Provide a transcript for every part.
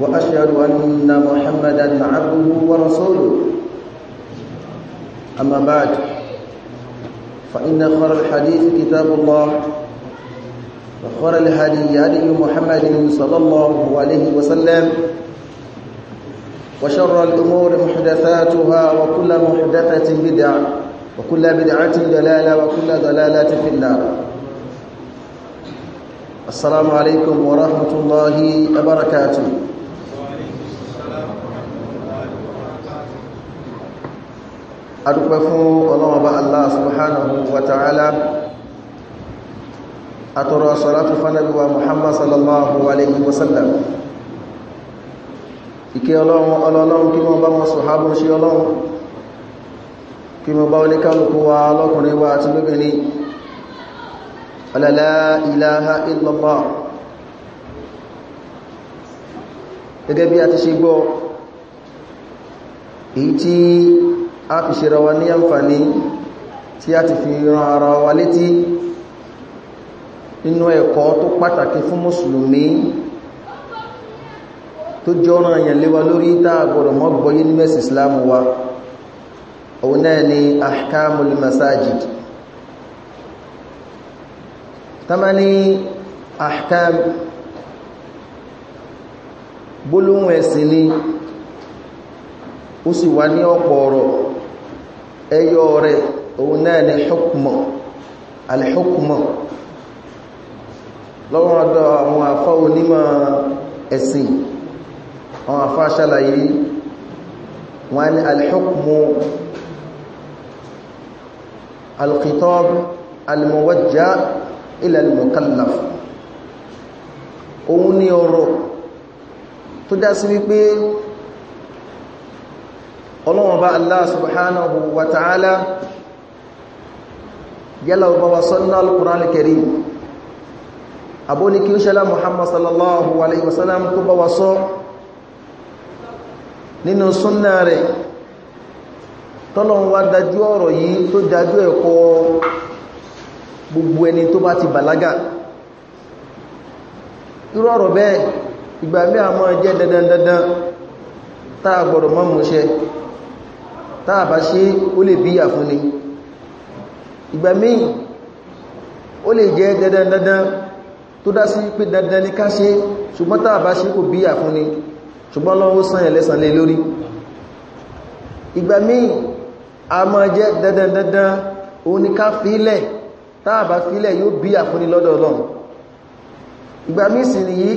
وأشهد أن محمدا عبده ورسوله أما بعد فإن خير الحديث كتاب الله وخير الهدي هدي محمد صلى الله عليه وسلم وشر الأمور محدثاتها وكل محدثة بدعة وكل بدعة دلالة وكل دلالة في النار السلام عليكم ورحمة الله وبركاته adúpẹ́ fún ọlọ́wọ́bá Allah subhanahu wa ta'ala àtọrọ salatu fánàbíwa Muhammad sallallahu alayhi wa sallam ìkẹ́ ọlọ́run ọlọ́run kí wọ́n bá wọn sọ̀hábùn sí ọlọ́run kí wọ́n bá oníkàlùkù wa lọ́kùnrin wa àti lóbìnrin alàlá ìlàhà ìlọ́pàá gẹ́gẹ́ bí a ti ṣe gbọ́ èyí tí a fi ṣe rawa ní àǹfàní tí a ti fi ran ara wa létí inú ẹ̀kọ́ tó pàtàkì fún mùsùlùmí tó jọ́nà àyànléwa lórí tààgbọ̀rọ̀ mọ́ gbọ́yé islam wa òun náà ni ahkamul masajid tàbí ní ni ó sì wá ní ọ̀pọ̀ ẹyọ rẹ̀ òun náà ni hukmọ̀ alhukmọ̀ lọ́wọ́n ọ̀dọ̀ àwọn afọ́ onímọ̀ ẹ̀sìn àwọn afọ́ aṣálàyé wọ́n ni alhukmọ̀ alkhitab almuwajja ila almukallaf òun ni ọ̀rọ̀ tó dá sí wípé ọlọ́wọ́n bá Allah subhanahu wa ta'ala yálà ọba wa sọ́nà al-Qur'an al-Karim abóníkí ṣẹlá Muhammad sallallahu alaihi wasallam tó bá wa sọ nínú súnnà rẹ̀ tọ́lọ́wọ́n wá dájú ọ̀rọ̀ yìí tó dájú ẹ̀kọ́ gbogbo ẹni tó bá ti bàlágà irú àmọ́ jẹ́ dandandandan táà gbọ́dọ̀ mọ́ mú táà bá ṣe ó lè bíyà fún ni ìgbà míì ó lè jẹ́ dandan dandan tó dá sí pé dandan ní ká ṣe ṣùgbọ́n táà bá ṣe kò bíyà fún ni ṣùgbọ́n lọ́wọ́ sán ẹ̀lẹ́sàn lé lórí ìgbà míì a máa jẹ́ dandan dandan òun ni ká fílẹ̀ táà bá fílẹ̀ yóò bíyà fún ni lọ́dọ̀ Ọlọ́run ìgbà míì sì nìyí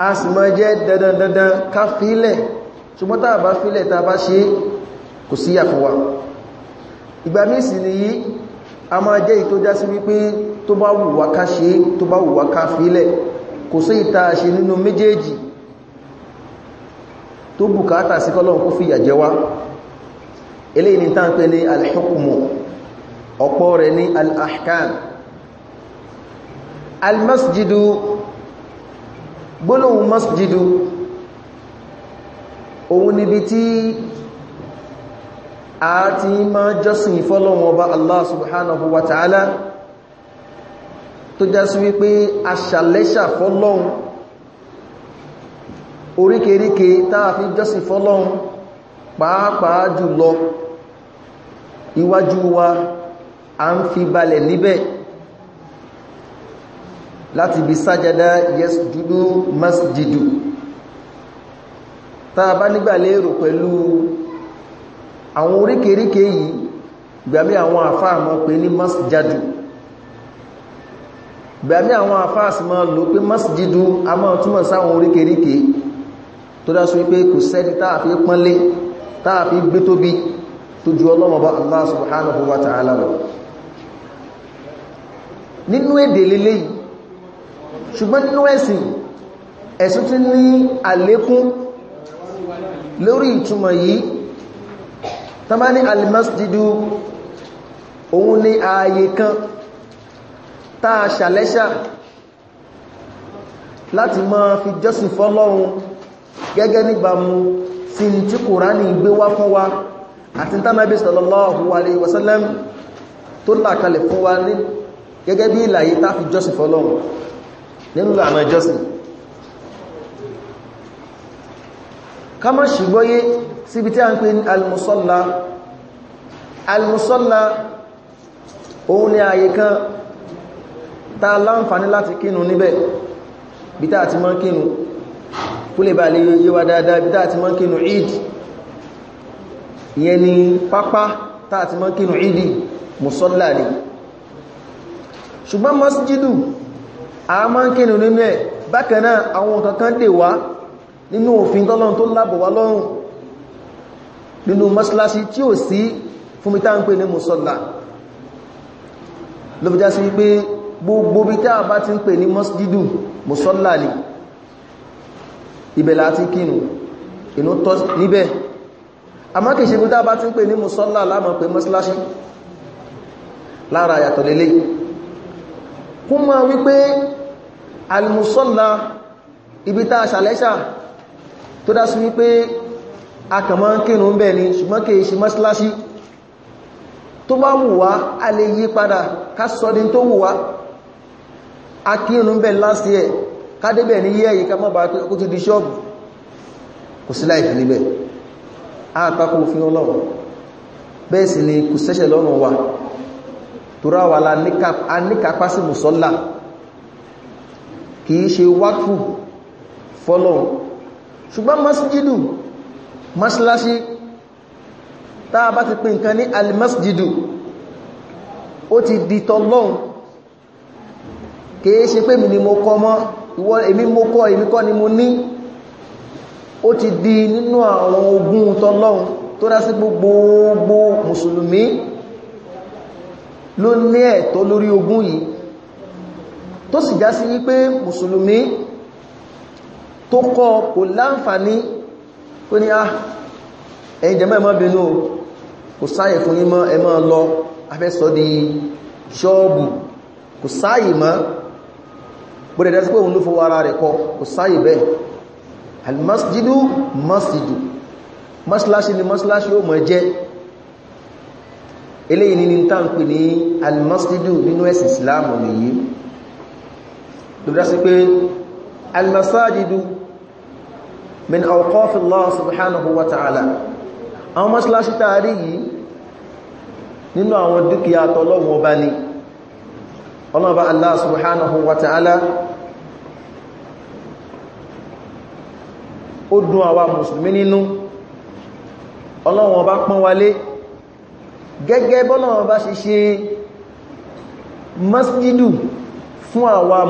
ṣùgbọ́n táà fílẹ̀ táà ṣe kò síyà fún wa ìgbà míì sì nìyí a máa jẹ́ ìtó já sí wípé tó bá wùwá ká ṣe tó bá wùwá ká fílẹ̀ kò sí ìta ṣe nínú méjèèjì tó bùkátà sí kọ́lọ́run kó fìyà jẹ wá masjidu òun níbi tí àti ma jọ́sìn fọ́lọ́wọ́ ọba Allah subhanahu wa ta'ala tó jásí wípé aṣàlẹ́ṣà fọ́lọ́un oríkèríkè táà fi jọ́sìn fọ́lọ́un pàápàá jùlọ iwájú wa a ń fi balẹ̀ níbẹ̀ láti bí sájádá yasjudu masjidu táà bá nígbà lérò pẹ̀lú àwọn oríkèríkè yìí gbàmí àwọn àfáà mọ́ pé ní masjadu gbàmí àwọn àfáà sì mọ́ lò pé masjidu a mọ́ túnmọ̀ sáwọn oríkèríkè tó dá sọ pé kò sẹ́ni táàfi pọ́nlé táàfi gbé tóbi tó ju ọlọ́mọba Allah subhanahu wa ta'ala lọ nínú èdè lélẹ́ yìí ṣùgbọ́n nínú ẹ̀sìn lórí ìtumọ̀ yìí tọ́mọ́ ní almasjidu òun ní ààyè kan táa ṣàlẹ́ṣà láti máa fi jọ́sìn fọ́lọ́run gẹ́gẹ́ níbàmú sí tí Kùránì gbé wá fún wa àti tánàbí sallallahu alaihi wasallam tó làkalẹ̀ fún wa ní gẹ́gẹ́ bí ìlàyé tá fi jọ́sìn fọ́lọ́run kama ṣìgbọ́yé síbi tí a ń pè ní almusalla almusalla òun ni ààyè kan ta láǹfàní láti kínu níbẹ̀ bí tá ti mọ́ kínu kúlè bá lè yíó wá dáadáa bí ti mọ́ kínu eid ìyẹn ni pápá tá ti mọ́ kínu eid ni ṣùgbọ́n masjidu a mọ́ kínu bakana ẹ̀ bákanáà àwọn kankan dè wá nínú òfin tọ́lọ́run tó lábọ̀ wá lọ́rùn nínú mọ́sálásí tí ò sí fún mi táa ń pè ní mùsọ́lá ló bí já sí wípé gbogbo bí táa bá ti ń pè ní mọ́sídìdù mùsọ́lá lè ibẹ̀ láti kínú inú tọ́ níbẹ̀ àmọ́ kìí ṣe bí táa bá ti ń pè ní mùsọ́lá láàmọ̀ pé mọ́sálásí lára àyàtọ̀ lélẹ̀ ibi táa ṣàlẹ́ṣà tó dá sí wípé akàmọ́ kírùn bẹ̀ ni ṣùgbọ́n kìí ṣe mọ́síláṣí tó bá wù wá a lè yí padà ká sọ́dín tó wù wá a kírùn bẹ̀ last year ká débẹ̀ ní yẹ́ yìí ká mọ́ bá kó ti di ṣọ́ọ̀bù kò sí láìfì níbẹ̀ àtakò ni kò sẹ́ṣẹ̀ lọ́rùn wa torá wà láníkàpá sí mùsọ́lá kìí ṣùgbọ́n masjidu masalasi táa bá ti pè nǹkan ní almasjidu ó ti di tọ́lọ́un kìí ṣe pé mi ni mo kọ́ mọ́ ìwọ èmi mo kọ́ èmi kọ́ ni mo ní ó ti di nínú àwọn ogun tọ́lọ́un tó dá sí gbogbo mùsùlùmí ló ní ẹ̀tọ́ lórí ogun yìí tó sì já sí wípé mùsùlùmí tó kọ́ kò láǹfàní kó ní ah ẹ̀yìn jẹ́mọ́ ẹmọ́ bínú kò sáyè fún yímọ́ ẹmọ́ lọ afẹ́sọ́ di ṣọ́ọ̀bù kò sáyè mọ́ bọ́dẹ̀ dẹ́sí pé òun ló fọwọ́ ara rẹ̀ kọ kò sáyè bẹ́ẹ̀ almasjidu masjidu masláṣí ni masláṣí ó mọ̀ jẹ́ eléyìí ní ta ń pè ní min awqaf Allah subhanahu wa ta'ala àwọn mọ́sílásí tààrí yìí nínú àwọn dúkìá tọ́lọ́wọ́ ọba ni ọlọ́ba Allah subhanahu wa ta'ala ó dùn àwa mùsùlùmí nínú ọlọ́wọ́ ọba pọ́n wálé gẹ́gẹ́ bọ́lọ́wọ́ ọba ṣe ṣe masjidu fún àwa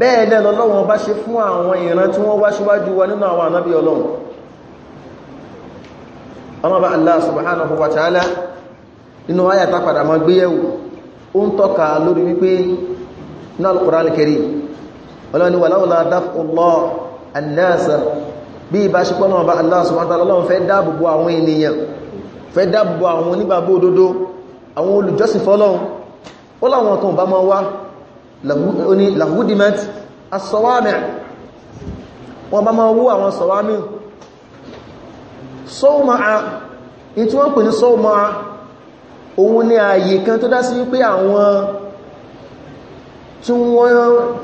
bẹ́ẹ̀ náà lọ́lọ́wọ́n bá ṣe fún àwọn ìran tí wọ́n wá síwájú wa nínú àwọn ànábí ọlọ́run ọmọba Allah subhanahu wa ta'ala nínú ayà tápadà ma gbé yẹ̀wò ó ń tọ́ka lórí wípé náà Al-Qur'an al-Karim ọlọ́ni wà láwọ́lá dáfọ́lọ́ annasa bí ibá ṣe pọ́nà ọba Allah subhanahu lahudimat asọ́wàmì wọ́n bá máa wú àwọn sọ́wàmì sọ́wọ́máà in tí wọ́n pè ní sọ́wọ́máà òun ni ààyè kan tó dá sí wípé àwọn tí wọ́n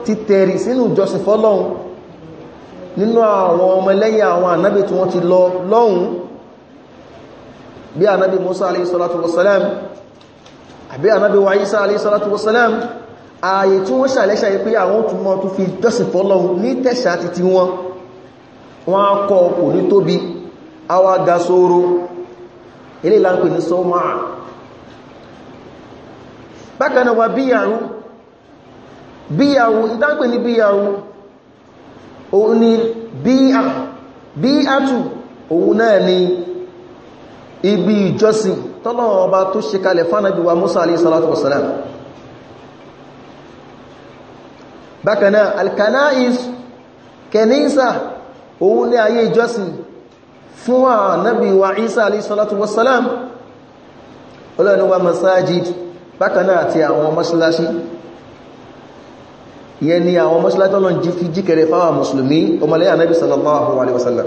ti tẹ̀rì sínú ìjọsìn fọ́lọ́hun nínú àwọn ọmọ lẹ́yìn àwọn ànábì tí wọ́n ti lọ lọ́hun bí ànábì Musa alayhi salatu wasalam àbí ànábì wa Isa alayhi salatu wasalam ààyè tí wọ́n ṣàlẹ́ṣà yí pé àwọn tún mọ́ tún fi jọ́sìn fọ́lọ́hun ní tẹ̀sà títí wọn wọ́n á kọ́ ní tóbi awa ga sóró ilé ìlànkù ní sọ́mọ́ bákanáà wà bíyàrún bíyàwó ìtànkù ní bíyàwó òun ni bíyàtù òun náà ni ibi tọ́lọ̀ tó Musa salatu bákanáà alkanais kenisa òun ní ayé ìjọsìn fún ànábì wa isa alaihissalatu wassalam olóòníwà masajid bákanáà àti àwọn mọ́síláṣí yẹn ni àwọn mọ́síláṣí tọ́lọ jíkẹrẹ fáwọn musulmi ọmọlẹ́yà anábì sallallahu alaihi wasallam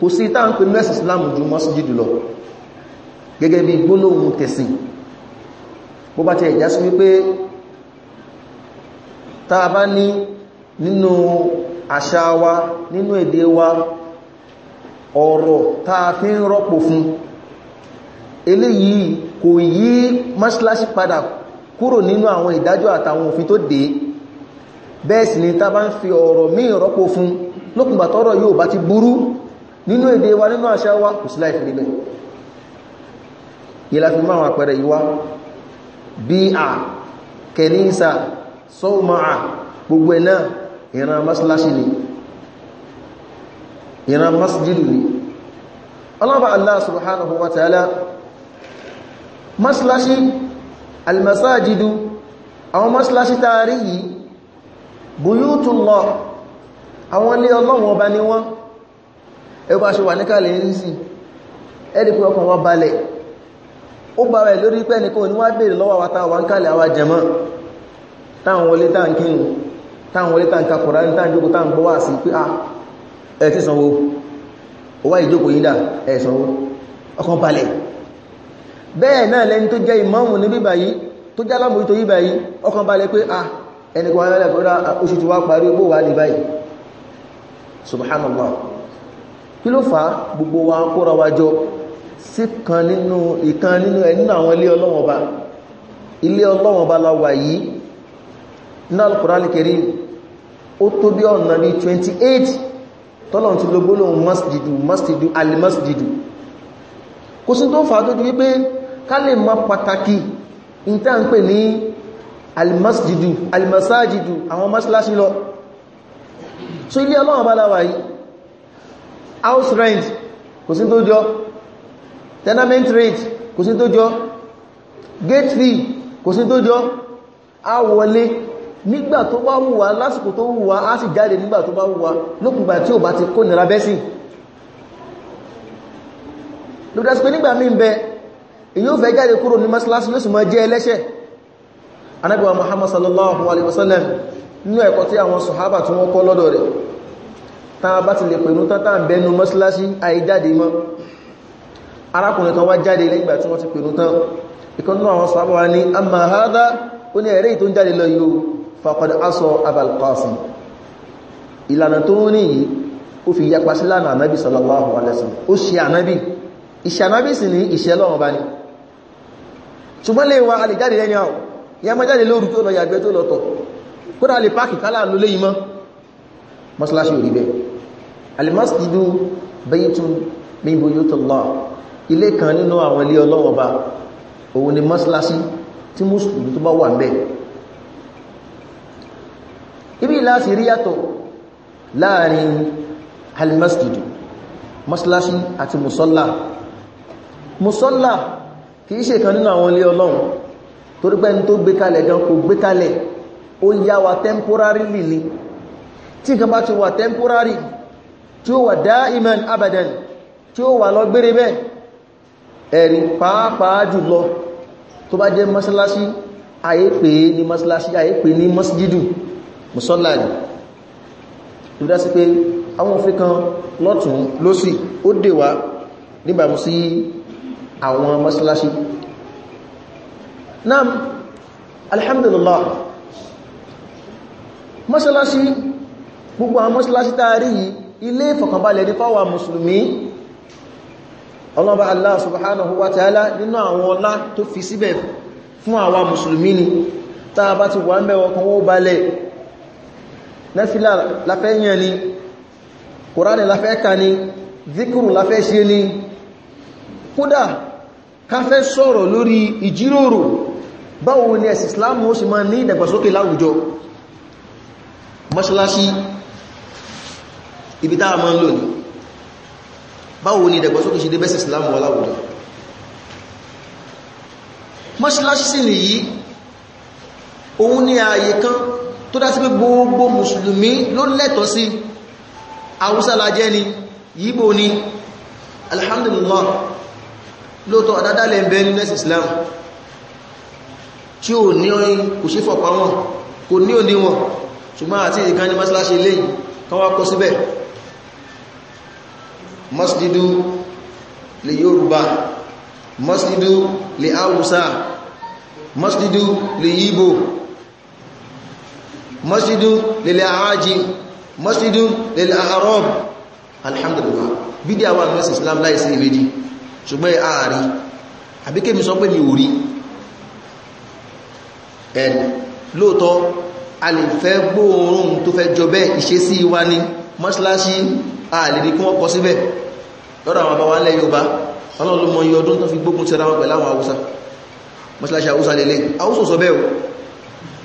kò sí ìta ń pè mẹ́sì islam ju masjid tá a bá ní nínú àṣà wa nínú èdè wa ọ̀rọ̀ tá a fi ń rọ́pò fún eléyìí kò yí mọ́ṣíláṣí padà kúrò nínú àwọn ìdájọ́ àtàwọn òfin tó dé bẹ́ẹ̀ sì ni tá bá ń fi ọ̀rọ̀ míì rọ́pò fún lókùnbà yóò bá ti burú nínú èdè wa nínú àṣà wa kò sí láìfi níbẹ̀ ìlàfimọ́ àwọn àpẹẹrẹ yìí bí a kẹnísà sọ́ọ̀máà gbogbo ẹ̀ náà ìran masláṣì ni ìran masjidu ni ọlọ́bà Allah subhanahu wa ta'ala masláṣì almasajidu àwọn masláṣì taari yìí buyutullah àwọn ilé ọlọ́run ọba ni wọ́n ẹgbà ṣe wà ní kààlẹ̀ ọkàn wọ́n balẹ̀ ó bá rẹ̀ lórí pẹ́ nìkan ní wá bèèrè lọ́wọ́ àwátá wà ń àwà táwọn wọlé táwọn kírun táwọn wọlé táwọn kakùnrà ní táwọn jókòó gbọ́wà sí pé ah, ẹ ti sanwó wá ìjókòó yídà ẹ sanwó ọkàn balẹ̀ bẹ́ẹ̀ náà lẹ́ni tó jẹ́ ìmáàmù ní bíbà yìí tó jẹ́ alámòjútó yíbà yìí ọkàn balẹ̀ pé ah, ah, wa nínú Al-Qur'anul Karim ó tó bí ọ̀nà ní 28 tọ́lọ̀n ti lógbó lóhun masjidu masjidu alimasjidu kò sí tó fà tó ju wípé ká lè mọ pàtàkì ìta ń pè ní alimasjidu alimasajidu àwọn masláṣí lọ so ilé ọlọ́wọ̀n bá yìí house rent kò sí tó jọ tenement rate kò sí tó jọ gate fee kò sí tó jọ a nígbà tó bá wù wá lásìkò tó wù wá á sì jáde nígbà tó bá wù wá lókùngbà tí ò bá ti kó nira bẹ́sì lókùnrin pé nígbà mí bẹ èyí fẹ́ jáde kúrò ní mọ́sálásí yóò sì mọ́ jẹ́ ẹlẹ́ṣẹ̀ Ànábì Muhammad sallallahu alaihi wasallam nínú ẹ̀kọ́ tí àwọn sọ̀hábà tí wọ́n kọ́ lọ́dọ̀ rẹ̀ tá a bá ti lè pẹ̀lú tán tán bẹnu mọ́sálásí àìjáde mọ́ arákùnrin kan wá jáde lẹ́yìn ìgbà tí wọ́n faqad asọ Abal Qasim ìlànà tó ní yìí ó fi yapa sí lánà ànábì sallallahu alaihi wasallam ó ṣe ànábì ìṣẹ́ ànábì sì ní ìṣẹ́ lọ́wọ́ bá ní ṣùgbọ́n lè wa alìjáde lẹ́ni àwọ̀ ya má tó lọ yàgbẹ́ tó lọ́tọ̀ kódà lè páàkì kálà ń lólé ìmọ́ mọ́sálásí ibi láti rí yàtọ̀ láàrin almasjidu maslashi àti musalla musalla kìí ṣe kan nínú àwọn ilé ọlọ́run torí pé tó gbé kalẹ̀ gan kò gbé kalẹ̀ ó yá wa temporary lili tí kan bá ti wà temporary tí ó wà dáìmán abadan tí ó wà lọ gbére bẹ́ ẹ̀rí pàápàá jùlọ tó bá jẹ́ maslashi àyépè ní maslashi àyépè ní masjidu musọ́lá ni tó dá sí pé àwọn òfin kan lọ́tún lọ́sì ó dèwà níbàmú sí àwọn mọ́sálásí náà alhamdulillah mọ́sálásí gbogbo àwọn mọ́sálásí tààrí yìí ilé ìfọ̀kànbalẹ̀ ní fáwà mùsùlùmí ọlọ́ba Allah subhanahu wa ta'ala nínú àwọn ọlá tó fi síbẹ̀ fún àwa mùsùlùmí ni tàà bá ti wà ń bẹ̀wọ̀ kan wó balẹ̀ nẹ́fílà láfẹ́ yẹn ni kòránì láfẹ́ ka ni zikiru láfẹ́ ṣe ni kódà káfẹ́ sọ̀rọ̀ lórí ìjíròrò báwo ni ẹ̀sì islamu ó sì máa ní ìdàgbàsókè láwùjọ mọ́ṣálásí ibi táà máa ń lò ní báwo ni ìdàgbàsókè ṣe dé bẹ́sì islamu wà láwùjọ mọ́ṣálásí sì nìyí òun ni ààyè kan tó dá sí pé gbogbo mùsùlùmí ló lẹ́tọ̀ọ́ sí haúsá lajẹ́ ni yíbò ni alhamdulillah lóòtọ́ àdádálẹ̀ ń bẹ ní nẹ́sì islam tí ò ní ọyìn kò sí fọ̀pá wọn kò ní òní wọn ṣùgbọ́n àti ìkan ní masláṣe ilé kan wá kọ síbẹ̀ masjidu lè yorùbá masjidu lè haúsá masjidu lè yíbò masjidun lil aajim masjidun lil a'rab alhamdulillah bídí àwọn àmẹ́sì islam láì sí ìmẹ́jì ṣùgbọ́n ààrí àbíkẹ́ mi sọ pé mi ò rí ẹn lóòtọ́ a lè fẹ́ gbóòórùn tó fẹ́ jọ bẹ́ ìṣesí wa ní mọ́ṣíláṣí ààlèrí kí wọ́n kọ síbẹ̀ lọ́dọ̀ àwọn àbáwà ilẹ̀ Yorùbá ọlọ́run ló mọ ọdún tó fi gbógun ti ara wọn pẹ̀lú àwọn haúsá mọ́ṣíláṣí haúsá lélẹ̀ haúsá sọ bẹ́ẹ̀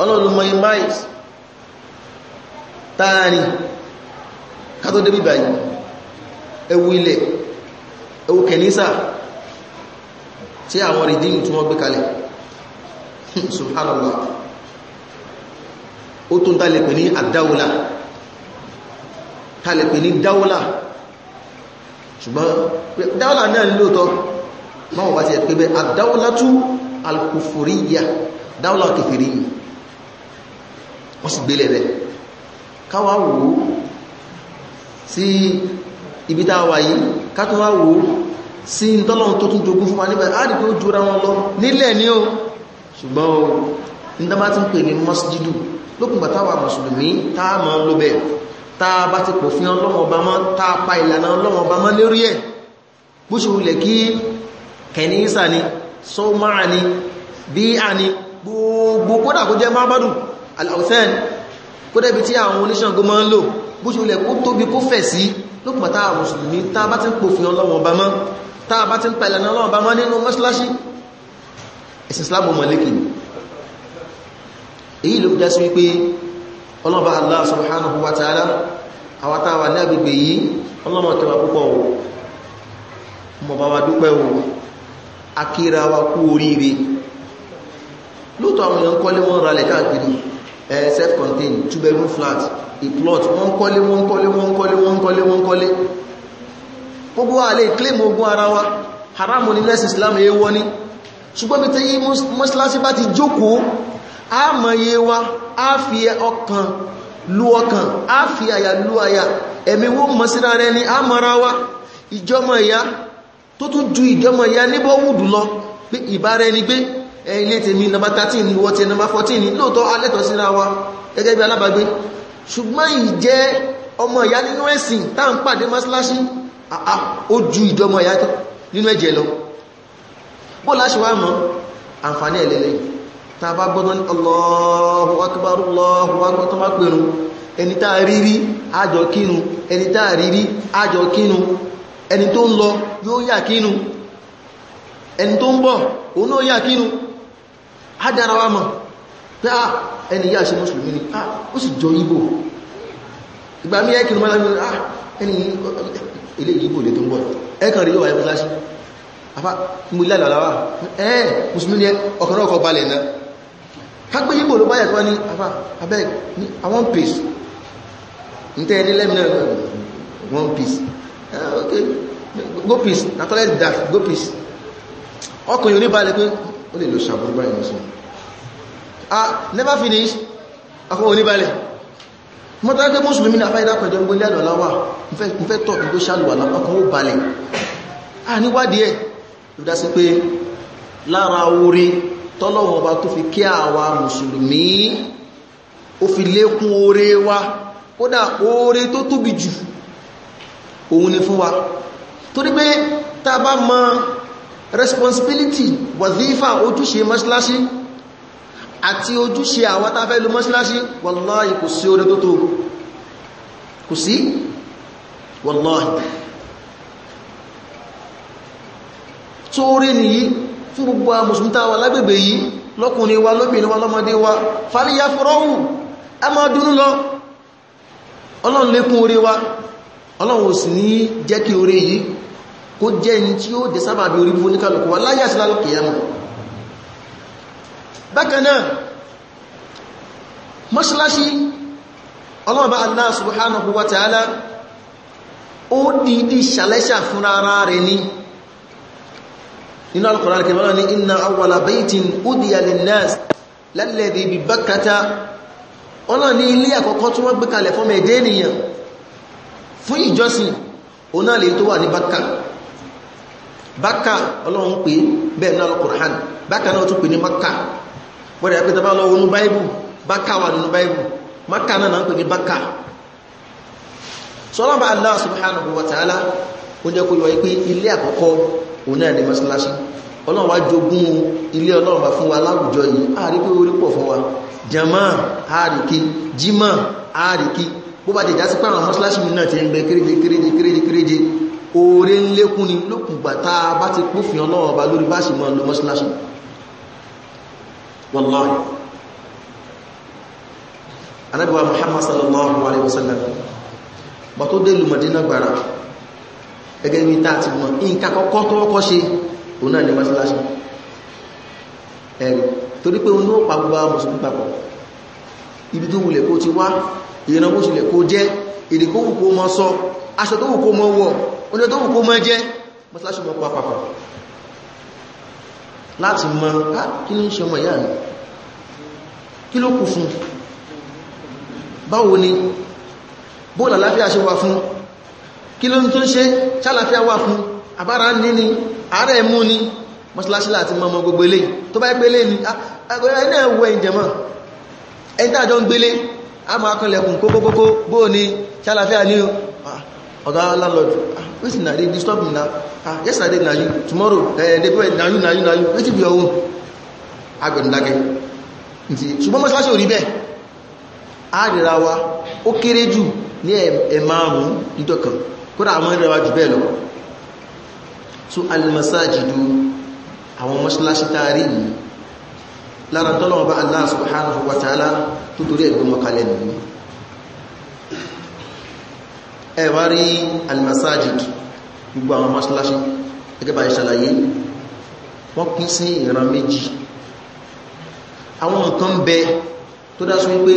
ọlọ́run mọ́ miles táàrin kátó débì báyìí ẹwu ilẹ̀ ẹwu kẹnísà tí àwọn rìdíìmù tí wọ́n gbé kalẹ̀ subhanallah ó tún tàlẹ̀ pè ní àdáwòlá tàlẹ̀ pè ní dáwòlá ṣùgbọ́n dáwòlá náà ní lóòtọ́ máa wọ́n bá ti ẹ̀ pé bẹ́ àdáwòlá tú alkùfòríyà dáwòlá kèfèrí yìí wọ́n sì gbélé rẹ̀ káwà wò ó sí ibi tá a wà yìí ká tó wá wò ó sí ìtọ́lọ́run tó tún jogún fún wa níbẹ̀ á jura wọn lọ nílẹ̀ ní o ṣùgbọ́n o ní tá bá ti ń pè ní mọ́síjídù lókùngbà táwa mùsùlùmí tá a máa lọ bẹ̀ tá a bá ti pòfin ọlọ́wọ́n ọba mọ́ tá ni sọ́ọ́máà ni bíà ni gbogbo kódà kó jẹ́ mábàdùn al-awthan kó dẹ̀bi tí àwọn oníṣàngó máa ń lò bó ṣe olè kó tóbi kó fẹ̀ sí lópin tá àwọn mùsùlùmí tá a bá ti ń pòfin ọlọ́wọ̀n ọba mọ́ tá a bá ti ń pa ìlànà ọlọ́wọ̀n ọba mọ́ nínú mọ́ṣáláṣí ẹ̀sìn islam mọ̀lẹ́kì èyí ló dá sí wípé ọlọ́ba wa kú oríire lóòtọ́ àwọn èèyàn kọ́lé wọn ralẹ̀ káàkiri eh, self-contained two bedroom flat a plot one kọ́lé one kọ́lé one kọ́lé one kọ́lé one kọ́lé gbogbo wa lè claim ogun ara wa haram ni lẹ́sìn islam èèwọ̀ ni ṣùgbọ́n bí tẹ́yí mọ́sílásí bá ti jókòó a mọ̀ yé wa a fi ọkàn lú ọkàn a fi àyà lú àyà ẹ̀mí wó mọ̀ síra rẹ ni a mọ̀ra wa ìjọmọ̀ ìyá tó tún ju ìjọmọ̀ ìyá níbọ̀ wùdù lọ pé ìbára ẹni gbé ilé tèmi nọmba 13 ni wọ́n ti nọmba 14 ni lóòótọ́ alẹ́tọ̀ síra wa gẹ́gẹ́ bí alábàgbé ṣùgbọ́n ìjẹ́ ọmọ ìyá nínú ẹ̀sìn tá ń pàdé mọ́síláṣí ó ju ìjọmọ ìyá nínú ẹ̀jẹ̀ lọ bó láṣẹ wá mọ́ àǹfààní ẹ̀lẹ́lẹ́ tá bá gbọ́dọ̀ Allahu akbar Allahu akbar tó má pẹ̀rún ẹni tá a rí rí àjọ kínu ẹni tá a rí rí tó ń bọ̀ òun náà yà kínu àdára wa mọ̀ pé à ah, ẹni yá ṣe mùsùlùmí ni à ah, ó sì jọ Ìgbò ìgbà mí ẹ́kì mọ́lá mi à ah, ẹni ilé Ìgbò lè tó ń bọ̀ ẹ́kàn rí yóò wáyé mọ́lá sí wa ẹ́ mùsùlùmí ni ọkàn náà kọ balẹ̀ náà kápẹ́ Ìgbò ló báyà tó wá ní one piece ń tẹ́ one piece okay go peace na toilet dash go peace ọkùnrin oníbalẹ̀ pé ó lè lọ ṣàbúrú báyìí lọ sí ah never finish akọ́ oníbalẹ̀ mọ́ta ẹgbẹ́ mùsùlùmí ní afẹ́dá pẹ̀jọ gbogbo ilé àdọ̀láwà ń fẹ́ tọ́ ìgbó ṣàlùwà lápapọ̀ ó balẹ̀ a ah, níwádìí ẹ̀ ló dá sí pé lára orí tọ́lọ́wọ́ ọba tó fi kí àwa mùsùlùmí ó fi lékún oore wa kódà oore tó tóbi jù responsibility wàzífà ojúṣe mọ́ṣíláṣí àti ojúṣe àwọn tafẹ́ ìlú mọ́ṣíláṣí wàláhì kò sí orí tó tó kò sí wàláhì tó rí nìyí fún gbogbo àmùsùntà wà lágbègbè yìí lọ́kùnrin wa lóbìnrin wa lọ́mọdé wa fàríyà fọ́rọ̀hù a máa dúnú lọ kó jẹ́ ẹni tí ó dẹ sábà bí orí fún níkàlùkù wà láyé àti lálùkù yẹmù bákanáà mọ́ṣíláṣí ọlọ́ọ̀bá Allah subhanahu wa ta'ala ó dìídì ṣàlẹ́ṣà fún ara rẹ̀ ní nínú Al-Qur'an al-Karim ní inna awwala baytin udiya linnas lalladhi bi Bakkata ọlọ́ọ̀ ní ilé fún ìjọsìn onáàlè tó wà ní Bakkah bákà ọlọ́run pè bẹ́ẹ̀ náà lọ́kùnrán bákà náà tún pè ní maka wọ́n yà pé tàbá lọ wọnú báìbù bákà wà nínú báìbù maka náà náà pè ní bákà sọ́lọ́bà Allah subhanahu wa ta'ala ó jẹ́ kó yọ pé ilé àkọ́kọ́ wa láwùjọ yìí ààrí pé orí pọ̀ fún wa jama àríkí jimá àríkí bó bá dẹ̀ já sí pé àwọn mọ́sálásí mi náà ti ń gbẹ kéréje oore ń lékún ni lókùngbà tá a bá ti pófin ọlọ́run ọba lórí bá sì mọ́ lọ mọ́síláṣí wallahi ànábì wa muhammad sallallahu alaihi wasallam bá tó dé lùmọ̀dínà gbàrà gẹ́gẹ́ bí tá a ti mọ̀ nǹkan kọ́kọ́ tó kọ́ ṣe òun náà ní mọ́síláṣí ẹ̀rù torí pé òun ló pa gbogbo àwọn mùsùlùmí papọ̀ ibi tó wulẹ̀ kó ti wá ìrànwọ́ kó jẹ́ èdè kó mọ́ sọ aṣọ tó wù kó mọ wọ̀ oúnjẹ tó wù kó mọ jẹ mọ́síláṣí mọ́ pàpàpà láti mọ́ kí ní ṣe ọmọ ìyá rẹ̀ kí ló kù fún báwo ni bóòlà láfíà ṣe wà fún kí ló ń tó ń ṣe ṣálàfíà wà fún àbára ní ni ààrẹ mú ni mọ́síláṣí láti mọ́ ọmọ gbogbo ilé tó bá gbélé ni ẹni ẹ̀wọ̀ ìjẹmọ́ ẹni tàjọ ń gbélé a máa kanlẹ̀kùn kókókókó bóò ni ṣálàfíà ní oga landlord wetin na dey disturb me now. ah yesterday na you tomorrow eh dey pay na you na you na you wetin be your own agbẹ̀dùndákẹ́ nti ṣùgbọ́n mọ́sílásí ò rí bẹ́ẹ̀ àrírá wa ó kéré jù ní ẹ̀márùn-ún nítọ̀kan kódà àwọn ìrẹwà jù bẹ́ẹ̀ lọ so almasajidu àwọn mọ́sílásí taari yìí lára tọ́lọ́wọ́ bá Allah subhanahu wa ta'ala tó torí ẹ̀gbọ́n mọ́kalẹ̀ nìyí ẹ̀wà rí almasajid gbogbo àwọn mọ́ṣíláṣí gẹ́gẹ́ bá ìṣàlàyé wọ́n pín sí ìran méjì àwọn nǹkan bẹ tó dá sí wípé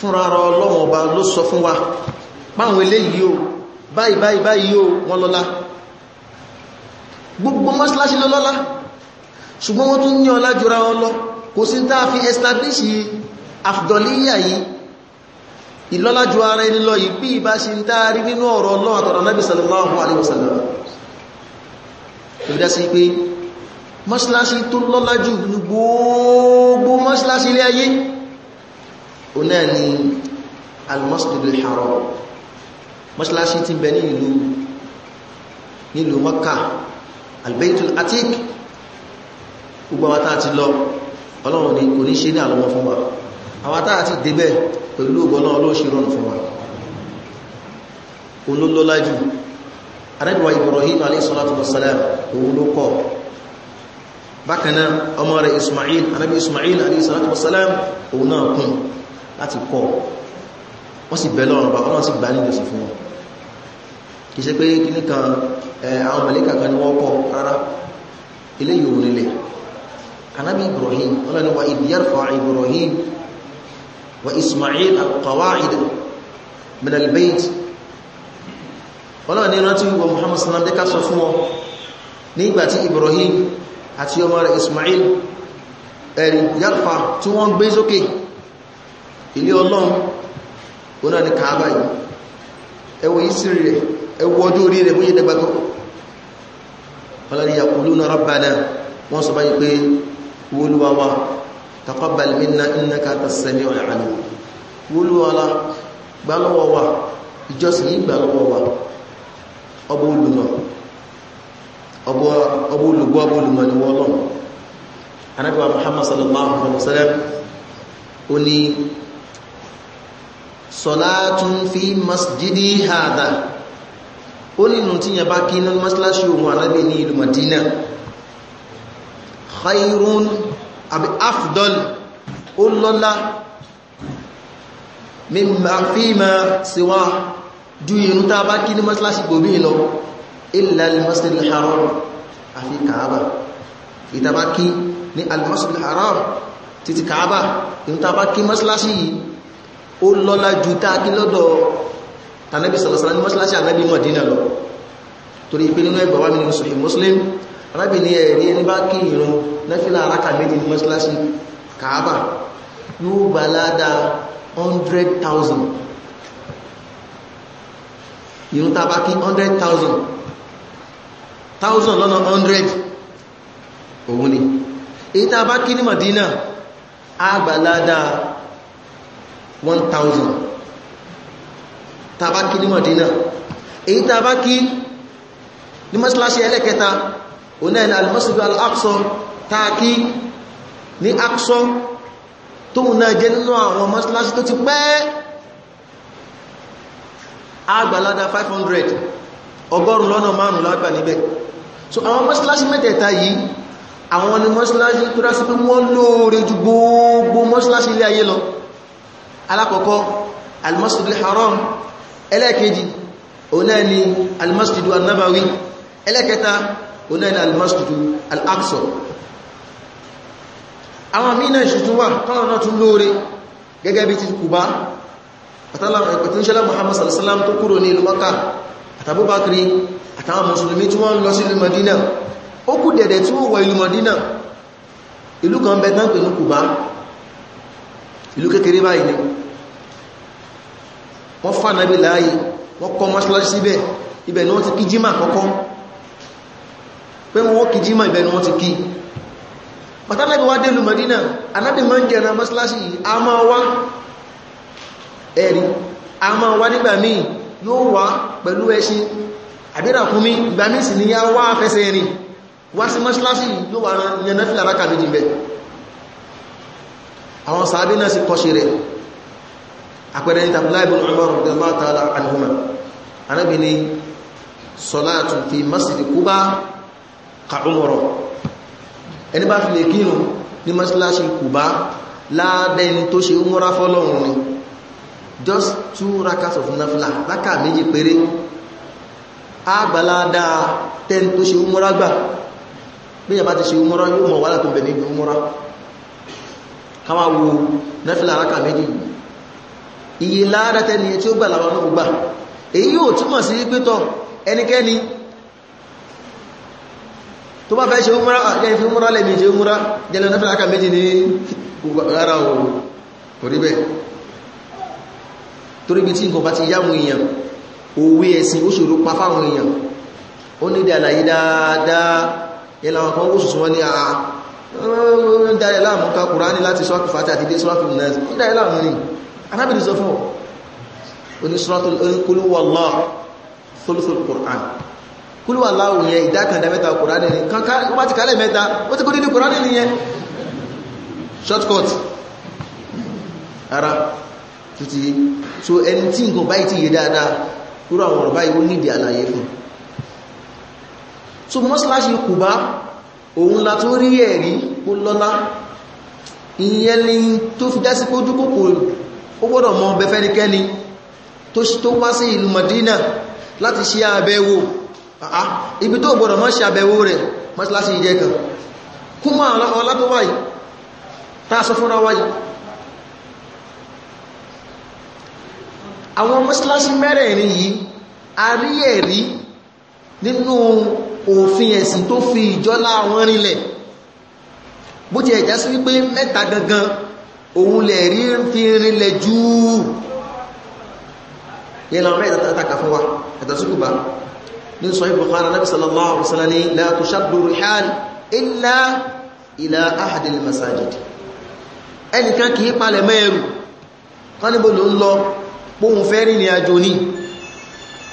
fúnra ara ọlọ́wọ̀n ọba ló sọ fún wa páwọn eléyìí o báyìí báyìí báyìí o wọ́n lọ́lá gbogbo mọ́ṣíláṣí ló lọ́lá ṣùgbọ́n wọ́n tún ní ọlá jura wọn lọ kò sí tá a fi establish afdọ̀líyà yìí ìlọ́lájú ara ẹni lọ yìí bí ìbá ṣe ń dárí nínú ọ̀rọ̀ Ọlọ́run àtọ̀rọ̀ Nábì sallallahu alaihi wasallam ìbídá sí pé mọ́ṣíláṣí tó lọ́lájú gbogbo mọ́ṣíláṣí ilé ayé o náà ni al-Masjidul ti bẹ ní ṣe àwọn táà ti débẹ̀ pẹ̀lú ògbọ́n náà ló ṣe rọrùn fún wa olólólájú arẹ́bùwà Ibrahim alayhi salatu wassalam òun ló kọ́ bákanáà ọmọ rẹ̀ Ismail anábí Ismail alayhi salatu wassalam òun náà kún láti kọ́ wọ́n sì bẹ̀lọ́ ọ̀rọ̀ ọ̀rọ̀ sì gbà Ibrahim وإسماعيل القواعد من البيت ọlọ́run ní rántí wọ Muhammad sallam dẹ́ka sọ fún ọ nígbàtí Ibrahim àti ọmọ rẹ̀ Ismail ẹ̀rì yàlfà tí wọ́n gbé sókè ilé ọlọ́run oná ní Kaaba yìí ẹwọ ìsìrì rẹ̀ ẹwọ ọjọ́ orí rẹ̀ múyẹ̀ dẹgbàtọ́ ọlọ́run yaquluna rabbana wọ́n sọ báyìí pé wọ́n lúwa wa taqabbal minna innaka antas sami'ul alim wúlúwọ́lá gbà lọ́wọ́ wa ìjọsìn yìí gbà lọ́wọ́ wa ọba olùmọ̀ ọba olùgbọ́ ọba olùmọ̀ ni wọ́n lọ́nà Ànábì wa Muhammad sallallahu alaihi wasallam ó ní salatun fi masjidi hadha ó nínú tí yẹn bá kí nínú mọ́sálásí ohun Ànábì ní ìlú Madina khairun àbí afdol ó lọ́lá mímá fíìmá síwá ju irun tá a bá kí ní mọ́síláṣì gbòmí lọ illa al-masjid al-haram àfi kàábà ìtàbá kí ní al-masjid al-haram títí kàábà irun tá a bá kí mọ́síláṣì yìí ó lọ́lá ju tá kí lọ́dọ̀ tànàbí sọ̀rọ̀sọ̀rọ̀ ní mọ́síláṣì ànábì Mọ̀dínà lọ torí pé nínú ẹgbàwá mi ní arábìnrin ẹ̀rí ẹni bá kí ìrun nẹ́fílà aráka méjì ní mọ́síláṣí kàábà yóò gbà ládá 100,000 ìrun tá kí 100,000 thousand lọ́nà 100 òun ni èyí tá bá kí ní Madina a gbà 1000 tá bá kí ní Madina èyí tá kí ní mọ́síláṣí ẹlẹ́kẹta onáà ní al-Masjid al-Aqsa taaki ní Aqsa tóun náà jẹ́ nínú àwọn mọ́sálásí tó ti pẹ́ àgbàládá 500 ọgọ́rùn lọ́nà márùn lágbà níbẹ̀ so àwọn mọ́sálásí mẹ́tẹ̀ẹ̀ta yìí àwọn ni mọ́sálásí tó rásí pé wọ́n lóore ju gbogbo mọ́sálásí ilé ayé lọ alákọ̀ọ́kọ́ al haram ẹlẹ́ẹ̀kejì òun náà ni al-Masjid an-Nabawi onáìlà almasjidu al-aqsa àwọn mínà ìṣùtún wà tọ́nà náà tún lóore gẹ́gẹ́ bí ti kùbá àtàlàmọ̀ẹ̀kọ̀tíńṣẹ́lá muhammad sallallahu tó kúrò ní ìlú maka àtàbúbákiri àtàwọn mùsùlùmí tí madina ó kù dẹ̀dẹ̀ tí wọ́n madina ìlú kan bẹ tán pẹ̀lú kùbá ìlú kékeré báyìí ni wọ́n fà náà bí láàyè wọ́n kọ́ mọ́ṣálásí síbẹ̀ ibẹ̀ ni wọ́n ti kí jímà kọ́kọ́ pé wọ́n kì jímọ̀ ìbẹ̀nu wọ́n ti kí pàtàkì wá délù Madina anábì máa ń jẹran mọ́síláṣì a máa wá ẹ̀rí a máa wá nígbà míì yóò wá pẹ̀lú ẹṣin àbíràkúnmí ìgbà míì sì ni yá wá fẹsẹ̀ rìn wá sí mọ́síláṣì yóò wá yẹnà fìlà rákà méjì bẹ̀ àwọn sàábí náà sì kọ́ṣe rẹ̀ masjid Quba kàrùmọ̀rọ̀ ẹni bá fi lè kírun ní mọ́síláṣí kùbá ládẹ́ni tó ṣe umura fọ́lọ́run ni just two rakas of nafla rákà méjì péré àgbàládá tẹ́ni tó ṣe umura gbà bí yàbá ti ṣe umura yóò mọ̀ wálà tó bẹ̀ níbi umura káwà wo nafla Raka méjì iye ládá tẹ́ni tí ó gbà làwọn náà gbà èyí yóò túmọ̀ sí pé ẹnikẹ́ni tó bá fẹ́ ṣe umra àjẹ́ ah, fi umra lẹ́mí ṣe umra jẹ́lẹ̀ náà fẹ́láka méjì ní ara ohun kò rí bẹ́ẹ̀ torí bí tí nǹkan bá ti yá àwọn èèyàn òwe ẹ̀sìn ó ṣòro pa fáwọn èèyàn ó ní ìdàlà yìí dáadáa yẹ́lá wọn kan ó sùsùn wọn ní àà ah, ah, dáyẹ̀ láàmú ká kùránì láti sọ́ọ̀kì kúlùwà láwùn yẹn ìdákàndà mẹ́ta kùránì ní kankan ó bá ti kálẹ̀ mẹ́ta ó ti kó nínú kùránì ní yẹn shortcut ara títí so ẹni tí nǹkan báyìí ti yé dáadáa kúrò àwọn ọ̀rọ̀ báyìí ó nídìí àlàyé fún so mọ́sálásí Kùbá òun la tó rí ẹ̀rí ó lọ́lá ìyẹn ni tó fi dásí kójú kòkò ó gbọ́dọ̀ mọ bẹfẹ́nikẹ́ni tó wá sí ìlú Madina láti ṣe àbẹ̀wò àá ah, ibi tó gbọdọ̀ mọ́ ṣàbẹ̀wò rẹ̀ mọ́síláṣí ìjẹ́ kan kú mọ́ àwọn alátó wáyì tá sọ fúnra wáyì àwọn mọ́síláṣí mẹ́rẹ̀ẹ̀rin yìí a rí ẹ̀rí nínú òfin ẹ̀sìn tó fi ìjọ́lá wọn rinlẹ̀ bó ti ẹ̀já sí wípé mẹ́ta gangan òun lẹ̀ rí fi rinlẹ̀ jù yẹn lọ rẹ̀ ìtàkà fún wa ẹ̀tọ́ sí kùbá ní sọ ìbùkán anábì sallallahu alaihi wasallam ní la tushaddu rihal illa ila ahadil masajid ẹnìkan kìí palẹ̀ mẹ́rù kan níbo ló ń lọ póhun fẹ́ rìnrìn àjò ní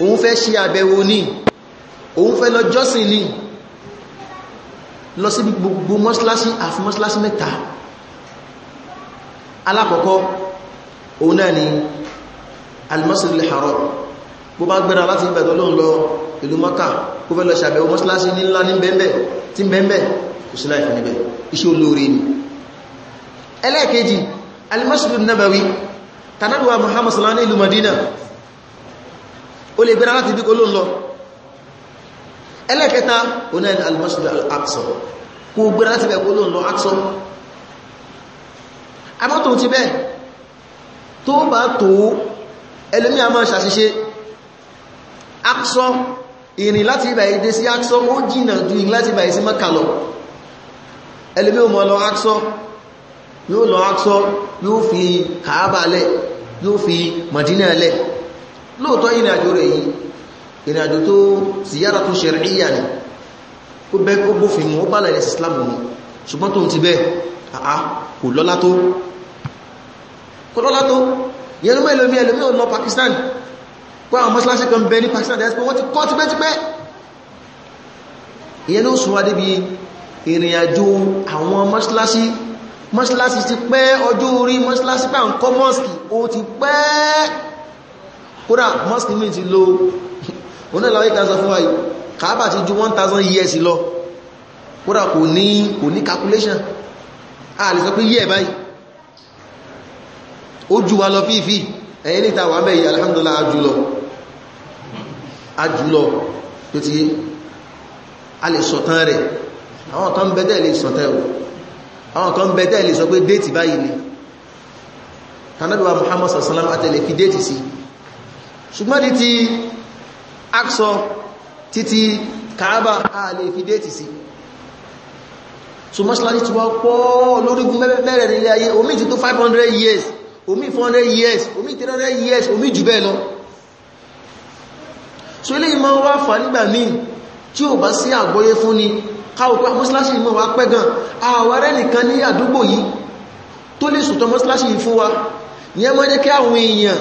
òun fẹ́ ṣe àbẹ̀wò ní òun fẹ́ lọ jọ́sìn ní lọ sí gbogbo mọ́sílásí àfi mọ́sílásí mẹ́ta alákọ̀ọ́kọ́ òun náà ni al-masjid al-haram bó láti ìbẹ̀tọ̀ lóun lọ ìlú mọ́ká kó fẹ́ lọ ṣàbẹ̀wò mọ́sálásí ní ńlá ní bẹ́ẹ̀bẹ̀ tí bẹ́ẹ̀bẹ̀ kò sí láìfún níbẹ̀ iṣẹ́ olóore ni ẹlẹ́ẹ̀kejì al-Masjid an-Nabawi tanaduwa Muhammad sallallahu alaihi Madina ó lè gbéra ìrìn láti ibà ìdé sí aksọ́ ó jìnà ju ìrìn láti ibà ìsí mọ́kà lọ ẹlẹ́bí o mọ́ lọ aksọ́ yóò lọ aksọ́ yóò fi kàábà lẹ̀ yóò fi mọ̀dínà lẹ̀ lóòtọ́ ìrìn àjò rẹ̀ yìí ìrìn àjò tó ziyara tó ṣẹ̀ríyà ni ó bẹ́ kó bófin mú ó ti bẹ́ tó kò lọ́lá tó pé àwọn mọ́sálásí kan bẹ ní Pakistan dẹ̀ pé wọ́n ti kọ́ tipẹ́tipẹ́ ìyẹn ló sùn wá débi ìrìn àjò àwọn mọ́sálásí mọ́sálásí ti pẹ́ ọjọ́ orí mọ́sálásí pẹ́ àwọn kọ́mọ́sì ó ti pẹ́ kódà mọ́sálásí mi ti lo onílàwọ́ ìkà years lọ kódà kò ní calculation a lè sọ pé yẹ́ báyìí ó ju wa lọ fífí ẹ̀yìn níta wà alhamdulillah jùlọ ajúlọ tó ti a lè sọ̀tán rẹ̀ àwọn kan bẹ́tẹ̀ lè sọ̀tán o àwọn kan bẹ́tẹ̀ lè sọ pé déètì báyìí ni tànàbíwá Muhammad sallam àtẹ̀lẹ̀ fi déètì sí ṣùgbọ́n ti aksọ títí Kaaba a lè fi déètì sí so mọ́ṣíláṣí ti wá pọ̀ lórígun mẹ́rẹ̀ nílé ayé omi ti tó 500 years omi 400 years omi 300 years omi jù bẹ́ẹ̀ lọ so ilé ìmọ̀ wá fà nígbà míì tí ò bá sí àgbóyé fún ni káwọ̀pá mọ́síláṣì ìmọ̀ wá pẹ́ gan àwọn arẹ́ nìkan ní àdúgbò yìí tó lè sùtọ́ mọ́síláṣì yìí fún wa ní ẹmọ́ jẹ́ kí àwọn èèyàn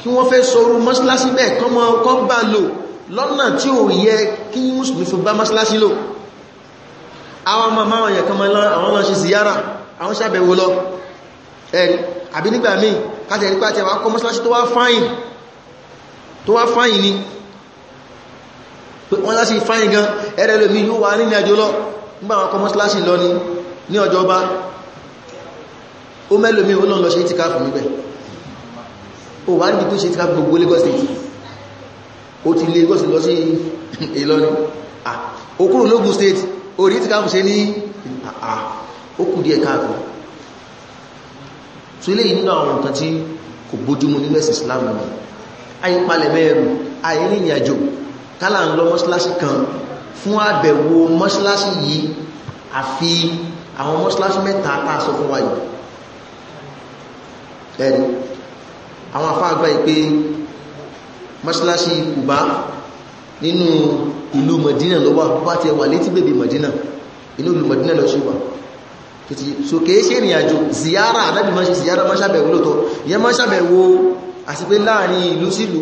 kí wọ́n fẹ́ sọrú mọ́síláṣì bẹ́ẹ̀ kọ́ mọ́ kọ́ bá lò lọ́nà tí ò yẹ kí mùsùlùmí fi bá mọ́síláṣì lò àwọn ọmọ máa yẹ̀ kan àwọn lọ ṣe ziyara àwọn ṣàbẹ̀wò lọ àbí nígbà míì káṣẹ̀ nípa tẹwàá kọ́ mọ́síláṣì tó wá fáyìn ni wọ́n láti fáyìn gan ẹ̀rẹ́ lómi yóò wà nínú àjò lọ nígbà àwọn kọmọ́ síláṣì lọ ní ní ọjọ́ bá ó mẹ́lòmí ó lọ́n lọ ṣe ìtìká fún níbẹ̀ ó wà níbi tó ṣe ìtìká gbogbo Lagos State ó ti Lagos lọ sí Ìlọrin ó kúrò lógún state ó rí ìtìká fún ṣe ní ó kù díẹ̀ káàkiri tó ilé yìí nínú àwọn nǹkan tí kò bójúmu nílẹ̀ Islam ni àyípalẹ̀ mẹ́rù àyíríyìn àjò kálà ń lọ mọ́ṣáláṣí kan fún àbẹ̀wò mọ́ṣáláṣí yìí àfi àwọn mọ́ṣáláṣí mẹ́ta tàà sọ fún wa yìí ẹni àwọn afáàgbà yìí pé mọ́ṣáláṣí Kùbá nínú ìlú Mọ̀dínà ló wà bá ti wà létí bèbè Mọ̀dínà inú ìlú Mọ̀dínà ló ṣe wà títí so kèé ṣe ìrìn àjò ziyara adábì máa ṣe ziyara máa ṣàbẹ̀wò lóòtọ́ yẹ máa ṣàbẹ̀wò àti pé láàrin ìlú sílùú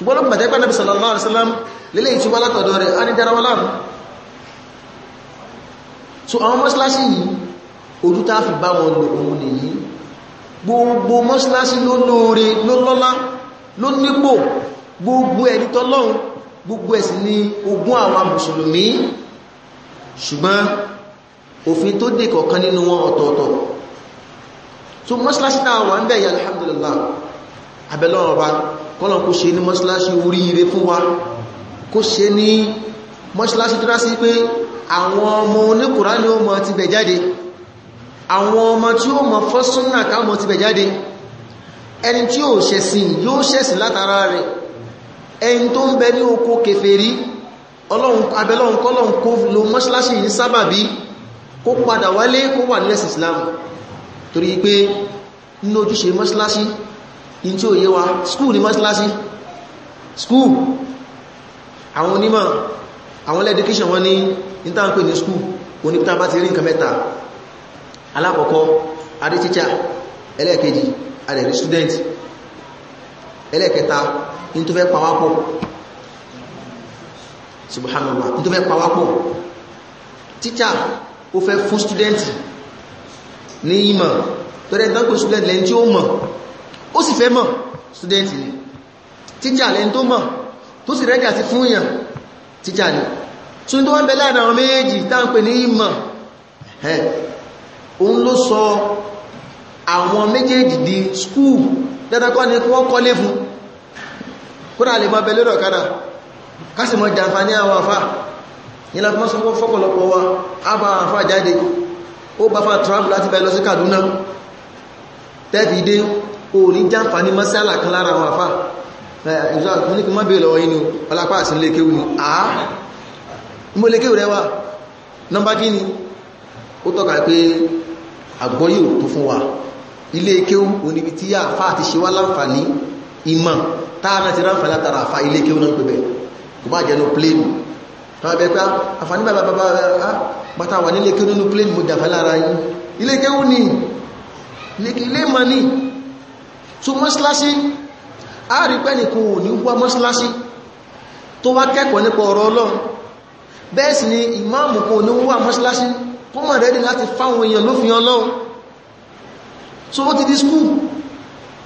ṣùgbọ́n lọ́pọ̀ mẹ́tẹ́gbẹ́ nàbí sallallahu alaihi wasallam lélẹ̀ ìtí wá látọ̀dọ̀ so àwọn mọ́síláṣí yìí ojú tá fi bá wọn lò òun nìyí gbogbo mọ́síláṣí ló lóore ló lọ́lá ló nípò ni ogún àwọn mùsùlùmí ṣùgbọ́n òfin tó dè kọ̀ọ̀kan nínú wọn so mọ́síláṣí náà wà ń bẹ̀ alhamdulillah abẹ́lọ́rọ̀ kọ́lọ̀n kó ṣe ní mọ́ṣíláṣí oríire fún wa kó ṣe ní mọ́ṣíláṣí tó rásí pé àwọn ọmọ oníkùrá ni ó mọ ti bẹ̀ jáde àwọn ọmọ tí ó mọ fọ́súnnà káàmọ́ ti bẹ̀ jáde ẹni tí ó ṣẹ̀sìn yóò ṣẹ̀sìn látara rẹ̀ ẹni tó ń bẹ ní oko kèfèrí abẹ́lọ́run kọ́lọ̀n kó lo mọ́ṣíláṣí yìí sábàbí kó padà wálé kó wà nílẹ̀ Islam torí pé nínú ojúṣe mọ́ṣíláṣí in tí ó yé wa skúù ní mọ́sílásí skúù àwọn onímọ̀ àwọn education wọ́n ní ìtànpé ní skúù onípítà bá ti rí nǹkan mẹ́ta alákọ̀ọ́kọ́ adé tíchà ẹlẹ́ẹ̀kejì adẹ̀rí student ẹlẹ́ẹ̀kẹta in tó fẹ́ pàwápọ̀ subhanallah in tó fẹ́ pàwápọ̀ tíchà ó fẹ́ fún student ní ìmọ̀ tọ́rẹ ìtànpé student lẹ́yìn tí ó mọ̀ ó sì fẹ́ mọ̀ student ni tíjà lẹ́n tó mọ̀ tó sì rẹ́gà sí fún èèyàn tíjà ni tún tó wọ́n bẹ láàrin àwọn méjì táǹpẹ ní ìmọ̀ ẹ̀ òun ló sọ àwọn méjèèjì di skúù dẹ́dẹ́kọ́ ni wọ́n kọ́lé fún kúrò lè máa bẹ lórí ọ̀kadà kásì mọ́ jàǹfàní àwọn àfá nílá fún ọsọ́pọ̀ fọ́pọ̀lọpọ̀ wa àbá àfá jáde ó bá fà travel láti bẹ lọ sí Kaduna tẹ́fì òní jàǹfà ní masala kan lára àwọn àfá ìjọ́ ní kí mọ́ bèèrè lọ́wọ́ inú ọlápá àti lékéwù ni ó tọ́ka pé àgbọ́yé ò tó fún wa ilé kéwù oníbi tí àfá àti ṣe wá láǹfààní ìmọ̀ táàmì ti ráǹfààní látara àfá ilé kéwù náà pẹ̀bẹ̀ kò bá jẹ́ nù pléènù tọ́wọ́ bẹ pé ah, àfàní bàbá bàbá bàtà ah, wà nílé kéwù nínú pléènù jàfẹ́ lára yìí ilé kéwù ni ilé mọ̀ ni so mọ́sílásí a rí pẹ́ nìkan ò ní wá mọ́sílásí tó wá kẹ́kọ̀ọ́ nípa ọ̀rọ̀ ọlọ́run bẹ́ẹ̀ sì ni ìmáàmù kan ò ní wá mọ́sílásí kó mọ̀ rẹ́dì láti fáwọn èèyàn lófin ọlọ́run so ó ti di skúù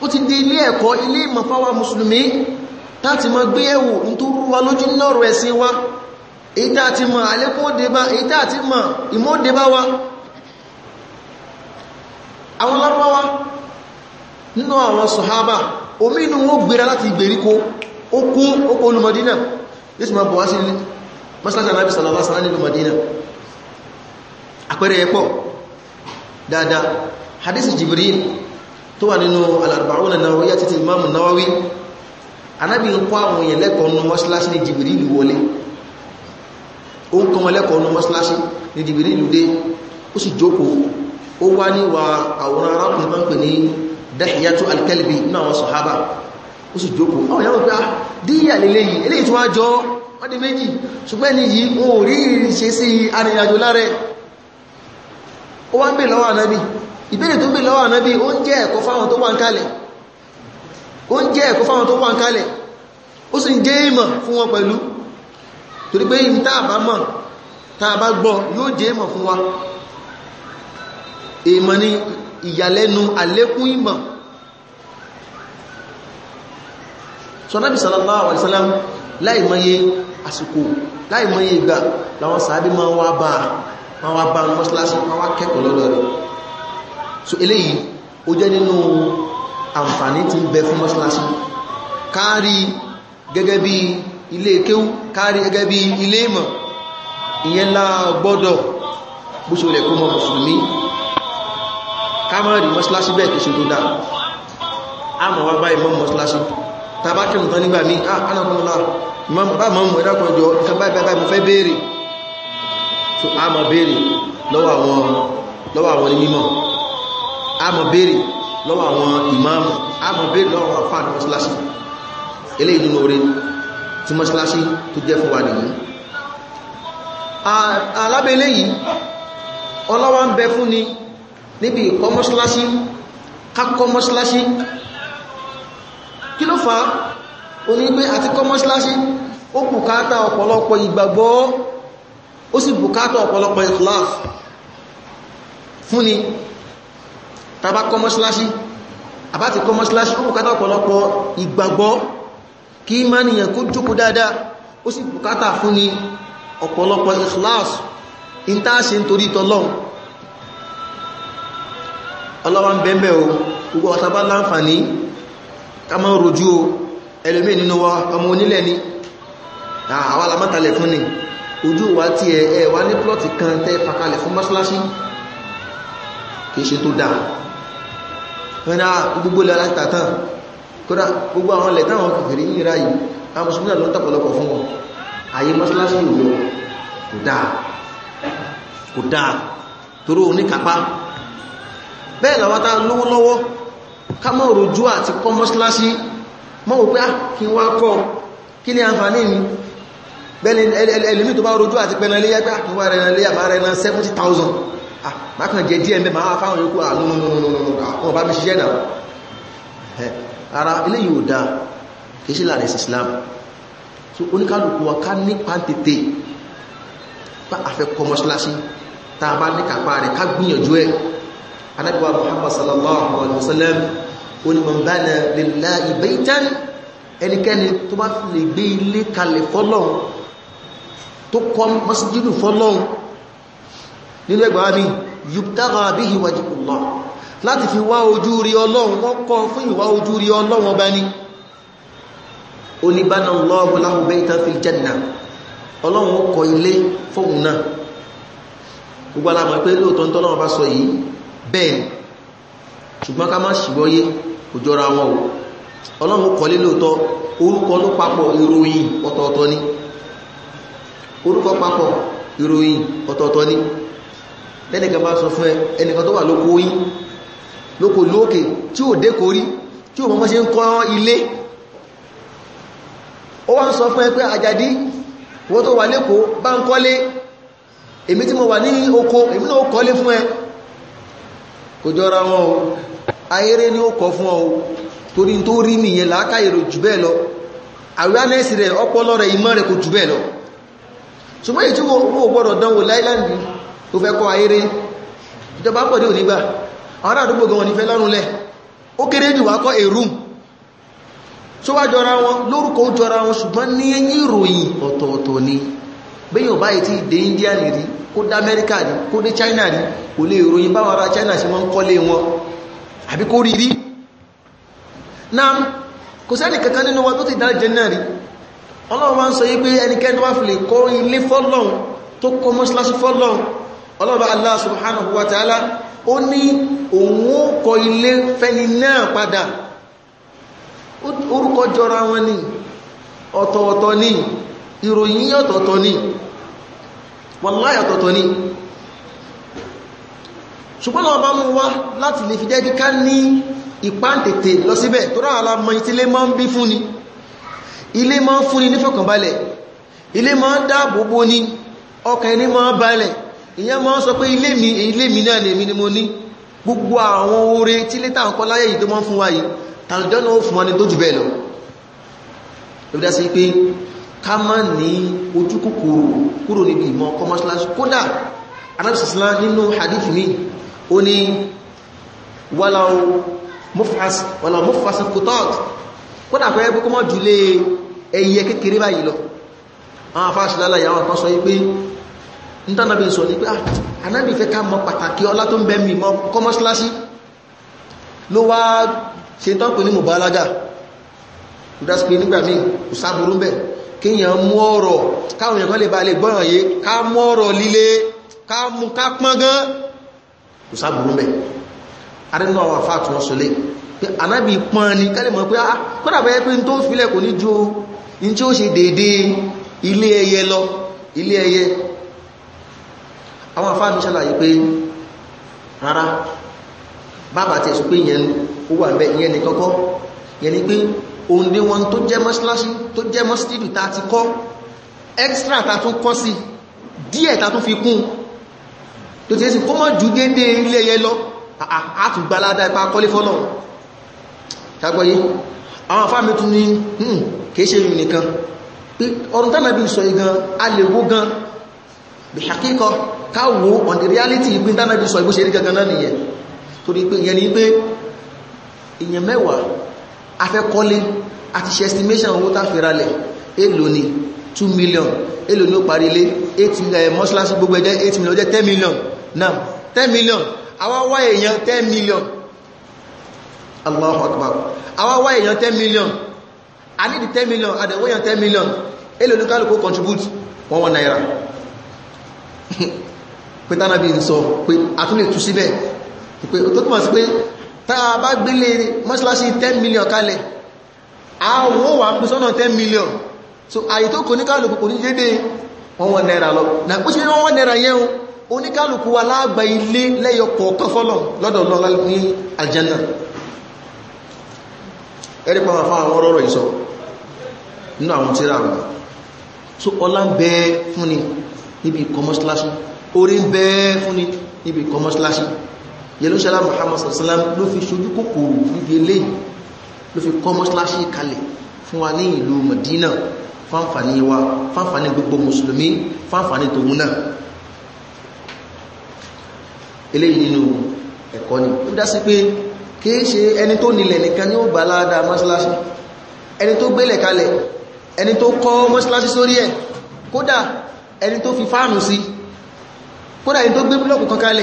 ó ti di ilé ẹ̀kọ́ ilé ìmọ̀ fáwa mùsùlùmí láti mọ gbé ẹ̀wò nítorí wa lójú nọ́rọ̀ ẹ̀sìn wa èyí tá àti mọ̀ àlékún òdebá èyí tá àti mọ̀ ìmọ̀ òdebá wa àwọn lápá wa nínú àwọn sọ̀hábà omi inú wọn gbéra láti ìgbèríko okun okun olùmọ̀dínà yóò sì máa bọ̀ wá sí mọ́sílájá alábi sàlọ́wà sàlá nínú mọ̀dínà àpẹẹrẹ ẹ̀pọ̀ dáadáa hadisi Jibril Nawawi anábi ń kọ́ àwọn èèyàn lẹ́kọ̀ọ́ nínú mọ́sílájá ní Jibril wọlé ó ń kọmọ lẹ́kọ̀ọ́ nínú mọ́sílájá ní Jibril dé ó sì jókòó ó wá níwà dẹ́kìyàtú alkalbi ní àwọn sọ̀hábà ó sì jókòó àwọn ìyàwó pé ah, á díyà lè léyìí eléyìí tó wá jọ wọ́n di méjì ṣùgbẹ́ ní yìí o rí ìrìnṣẹ́ sí arìnrìnàjò láàrẹ ó wá ń bè lọ́wọ́ ànábì ìbéèrè tó ń bè lọ́wọ́ ànábì ó ń jẹ́ ẹ̀kọ́ fáwọn tó wà ń kalẹ̀ ó sì ń jẹ́ ìmọ̀ fún wọn pẹ̀lú torí pé ìta àbá mọ̀ ta àbá gbọ́ yóò jẹ́ ìmọ̀ fún wa èèmọ̀ ni ìyàlẹ́nu àlékún ìmọ̀ sọ́nàbí sallallahu alaihi wasallam láìmọye àsìkò láìmọye ìgbà láwọn sàábí ma wá bá ma wá bá mọ́sílásí ma wá kẹ́kọ̀ọ́ lọ́dọ̀ rẹ̀ so eléyìí ó jẹ́ nínú àǹfààní tí ń bẹ fún mọ́sílásí kárí gẹ́gẹ́ bí ilé kéwú kárí gẹ́gẹ́ bí ilé ìmọ̀ ìyẹn la gbọ́dọ̀ bó ṣe rẹ̀ kó mọ́ mùsùlùmí kámọ́rì mọ́sílásí bẹ́ẹ̀ kìí ṣe tó dáa a mọ̀ wá bá ìmọ̀ mọ́sílásí tàbákìrùn tán nígbà mí ánàkùnlá ah, bá mọ́ mọ̀ ẹ̀dàkùnjọ kan báyìí báyìí mo fẹ́ so a mọ̀ béèrè lọ́wọ́ àwọn onímọ̀ a mọ̀ béèrè lọ́wọ́ àwọn ìmáàmù a mọ̀ béèrè lọ́wọ́ àwọn afáàní mọ́sílásí eléyìí nínú oore tí mọ́sílásí tó jẹ́ fún wa nìyí alábẹ́lẹ́yìí ọlọ́wọ́ ń bẹ fún ni níbi ìkọ́ mọ́ṣáláṣí kákọ́ mọ́ṣáláṣí kí ló fà á o ní pé àti kọ́ mọ́ṣáláṣí ó bùkátà ọ̀pọ̀lọpọ̀ ìgbàgbọ́ ó sì bùkátà ọ̀pọ̀lọpọ̀ ikhlas fúnni tàbá kọ́ mọ́ṣáláṣí àbáti kọ́ mọ́ṣáláṣí ó bùkátà ọ̀pọ̀lọpọ̀ ìgbàgbọ́ kí má nìyàn kó jókòó dáadáa ó sì bùkátà fúnni ọ̀pọ̀lọpọ̀ ikhlas in tá a ṣe nítorí tọlọ́run ọlọ́wà ń bẹ̀ẹ̀bẹ̀ o gbogbo ọ̀tàbá láǹfàní ká mọ́ rojú o ẹlòmí nínú wa ọmọ onílẹ̀ ni àwọn alamọ́talẹ̀ fún ni ojú wa ti ẹ̀ wá ní plọ́tì kan tẹ́ fakalẹ̀ fún mọ́ṣáláṣí kìí ṣe tó dáa rẹ́nà gbogbo ilẹ̀ alátàtàn kódà gbogbo àwọn ilẹ̀ táwọn kèfèrè yìí ráyìí àwọn mùsùlùmí náà ló ń tàpọ̀lọpọ̀ fún wọn àyè mọ́ṣáláṣí ìlú kò dáa kò dáa toró oníkàpá bẹ́ẹ̀ làwọn tá lówó lọ́wọ́ ká mọ́ òròjú àti kọ́ mọ́síláṣí mọ́ wò pé á ah, kí wá kọ́ kí ní àǹfààní mi bẹ́ẹ̀ni ẹlùmí tó bá òròjú àti pẹ̀lẹ́lẹ́yà pé àkíwá rẹ̀ lẹ́yà máa rẹ̀ náà 70,000 bákan jẹ díẹ̀ mẹ́ máa fáwọn yóò kú àwọn bá mi ṣiṣẹ́ náà ara ilé yóò dá kìí Islam so oníkálùkù wa ká ní pàǹtètè pa àfẹ́kọ́ mọ́síláṣí tá a bá ní kàpá rẹ̀ ká gbìyànjú ẹ̀ anábíwá muhammad sallallahu alaihi wasallam onímọ̀bánà lillahi baytan ẹnikẹ́ni tó bá fi lè gbé ilé kalẹ̀ fọ́lọ́un tó kọ́ masjidu fọ́lọ́un nínú ẹgbàá mi yubtagha bihi wajhullah láti fi wá ojú rí ọlọ́run wọ́n kọ́ fún ìwá ojú rí ọlọ́run ọba ní oníbánà Allahu lahu baytan fil jannah ọlọ́run ó kọ́ ilé fóun náà gbogbo alamọ̀ pé lóòtọ́ bá sọ yìí bẹ́ẹ̀ ṣùgbọ́n ká má ṣìgbọ́yé kò jọra wọn o ọlọ́run kọlé lóòótọ́ orúkọ ló papọ̀ ìròyìn ọ̀tọ̀ọ̀tọ̀ ni orúkọ papọ̀ ìròyìn ọ̀tọ̀ọ̀tọ̀ ni lẹ́nìkan bá sọ fún ẹ ẹnìkan tó wà lóko yí lóko lóòkè tí ò dékò rí tí ò mọ́mọ́ ṣe ń kọ́ ilé ó wá ń sọ fún ẹ pé àjàdí wọ́n tó wà lẹ́kọ̀ọ́ bá ń kọ́lé èmi tí mo wà ní oko èmi náà kọ́lé fún ẹ kò jọra wọn o ayéré ni ó kọ fún ọ torí tó rí nìyẹn làákàyè jù bẹ́ẹ̀ lọ awareness rẹ ọpọlọ rẹ ìmọ̀ rẹ kò jù bẹ́ẹ̀ lọ ṣùgbọ́n èyí tí wọ́n gbọ́dọ̀ dánwò láìláńdì tó fẹ́ kọ ayéré ìjọba pọ̀ dé àwọn àdúgbò gan wọn fẹ́ lọ́rùn lẹ̀ ó kéré jù wá kọ́ èrú tó wá jọra wọn lórúkọ ó jọra wọn ṣùgbọ́n ní ìròyìn ọ̀tọ̀ọ̀tọ̀ ni bẹ́yàn báyìí tí dé India ni, rí kó dá Amẹ́ríkà ní kó dé China ní kò lè ròyìn báwọn ará China sí wọ́n ń kọ́lé wọn àbí kó rí rí náà kò sẹ́ni kankan nínú wọn tó ti dá Jannah rí Ọlọ́run wá ń sọ yí pé ẹnikẹ́ni wá fi Allah subhanahu wa ta'ala ó ní òun ó kọ ilé fẹ́ni náà padà orúkọ jọra wọn ni ìròyìn ọ̀tọ̀ọ̀tọ̀ ni wàláhì ọ̀tọ̀ọ̀tọ̀ ni ṣùgbọ́n ọba mú wá láti lè fi jẹ́ kíká ní ìpáǹtètè lọ síbẹ̀ tó rá alamọ ìtílé máa ń bí fún ni ilé máa ń fún ni nífọ̀kànbalẹ̀ ilé máa ń dáàbòbò ni ọkàn ẹni máa ń sọ pé mi ilé mi náà lèmi ni mo ní gbogbo àwọn oore tí lé táwọn kọ́ láyé yìí tó máa ń fún wa yìí tàlùjọ́ ká má ní ojú kòkòrò kúrò níbi ìmọ̀ kọmọ́sílásí kódà anábìsàsílá nínú hadith mi ó ní wàláwó mufas wàláwó mufas kutot kódà pẹ́ pẹ́ kọmọ́ jùlé ẹyẹ kékeré báyìí lọ àwọn afáṣìlálà yàwọn kan sọ wípé nítànàbí sọ ní pé anábì ah, fẹ́ ká mọ pàtàkì ọlá tó ń bẹ mi mọ kọmọ́sílásí ló wá ṣe tán pè ní mùbálágà ìdásípé nígbà míì kò sáburú bẹ́ẹ̀ kíyàn mú ọ̀rọ̀ káwọn èèyàn kan lè bá lè gbọ́ràn yé ká mú ọ̀rọ̀ líle ká mú ká pọ́n gán kò sáàbùrú mẹ́ arínú àwọn àfáà tí wọ́n sọlé pé anábì pọ́n ni kálẹ̀ mọ̀ pé ah, ah kọ́dà bẹ́ẹ̀ pé tó filẹ̀ kò ní ju in tí ó ṣe dédé ilé ẹyẹ lọ ilé ẹyẹ àwọn àfáà ní pé rárá bàbá tẹ̀sù pé ìyẹn ó wà bẹ́ ìyẹn ní kọ́kọ́ ìyẹn ni pé òun ni wọn tó jẹ́ mọ́sílásí tó jẹ́ mọ́sílìdù ta ti kọ́ extra ta tún kọ́ sí díẹ̀ ta tún fi kún tó ti ẹ́sì kó mọ́ jù dédé ilé ẹyẹ lọ àtùgbàládá ipa kọ́lé fọ́lọ̀ ṣagbọ́yé àwọn afámi tún ní hmm, kìí ṣe rìn nìkan ọdún tánà bí sọ igan a lè wó gan bí ṣàkíkọ káwò on the reality ìpín tánà bí sọ ìgbóṣe rí gangan náà nìyẹn torí pé ìyẹn ni pé ìyẹn mẹ́wàá afẹ́kọ́lé àti ṣe estimation owó tàfíralẹ̀ èlò ni 2 million èlò ní ó parí lé 8 mọ́sílásí gbogbo ẹjẹ́ 8 million jẹ́ 10 million náà 10 million àwa wá èèyàn 10 million Allahu Akbar àwa wá èèyàn 10 million I need di 10 million àdẹ̀wó èèyàn 10 million èlò ní kálùkù contribute 1 naira pẹ̀tánàbí ń sọ pé àtúnlẹ̀ tú síbẹ̀ pé ó tó túnmọ̀ sí pé tá a bá gbélé mọ́ṣíláṣí 10 million kalẹ̀ àwọn wà ń pín sọ́nà 10 million so àyè tó kò ní kálùkù kò ní dédé wọ́n wọ́n náírà lọ na kó ṣe ní wọ́n náírà yẹn oníkálùkù wa lágbà ilé lẹ́yọ kọ̀ọ̀kan fọ́lọ̀ lọ́dọ̀ lọ́lá ní àjẹ́nà ẹ̀rí pa wọn fún àwọn ọ̀rọ̀ ìsọ nínú àwọn tíra wọn so ọlá ń bẹ fún ni níbi kọmọ́síláṣí orí ń bẹ fún ni níbi kọmọ́síláṣí yẹlúṣẹ́lá Muhammad sallam ló fi ṣojú kòkòrò níbi eléyìí ló fi kọ́ mọ́ṣáláṣí kalẹ̀ fún wa ní ìlú Madina fáǹfàní wa fáǹfàní gbogbo mùsùlùmí fáǹfàní tòun náà eléyìí nínú ẹ̀kọ́ ni ó dá sí pé kìí ṣe ẹni tó nílẹ̀ nìkan ni ó gbà láàdá mọ́ṣáláṣí ẹni tó gbélẹ̀ kalẹ̀ ẹni tó kọ́ mọ́ṣáláṣí sórí ẹ̀ kódà ẹni tó fi fáànù sí kódà ẹni tó gbé búlọ́ọ̀kù kan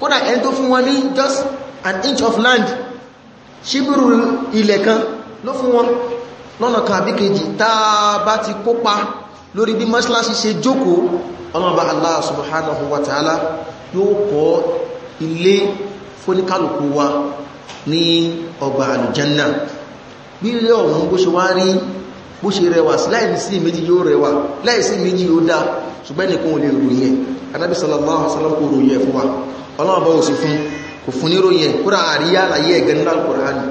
kódà ẹni tó fún wọn ní just an inch of land ṣíbírù ilẹ̀ kan ló fún wọn lọ́nà kan àbí kejì táa bá ti kópa lórí bí mọ́ṣíláṣí ṣe jókòó ọlọ́ọ̀bá Allah subhanahu wa ta'ala yóò kọ́ ilé fóníkálùkù wa ní ọgbà àlùjánnà bí bó ṣe rẹwà láìsí méjì yóò rẹwà láìsí méjì yóò dá ṣùgbẹ́ nìkan olè ròyẹ anábì sallallahu alaihi wasallam kò ròyẹ fún wa ọlọ́wọ́ bá òsì fún kò fún ní ròyẹ kúrò àríyá àlàyé ẹ̀gẹ́ nílá Al-Qur'ani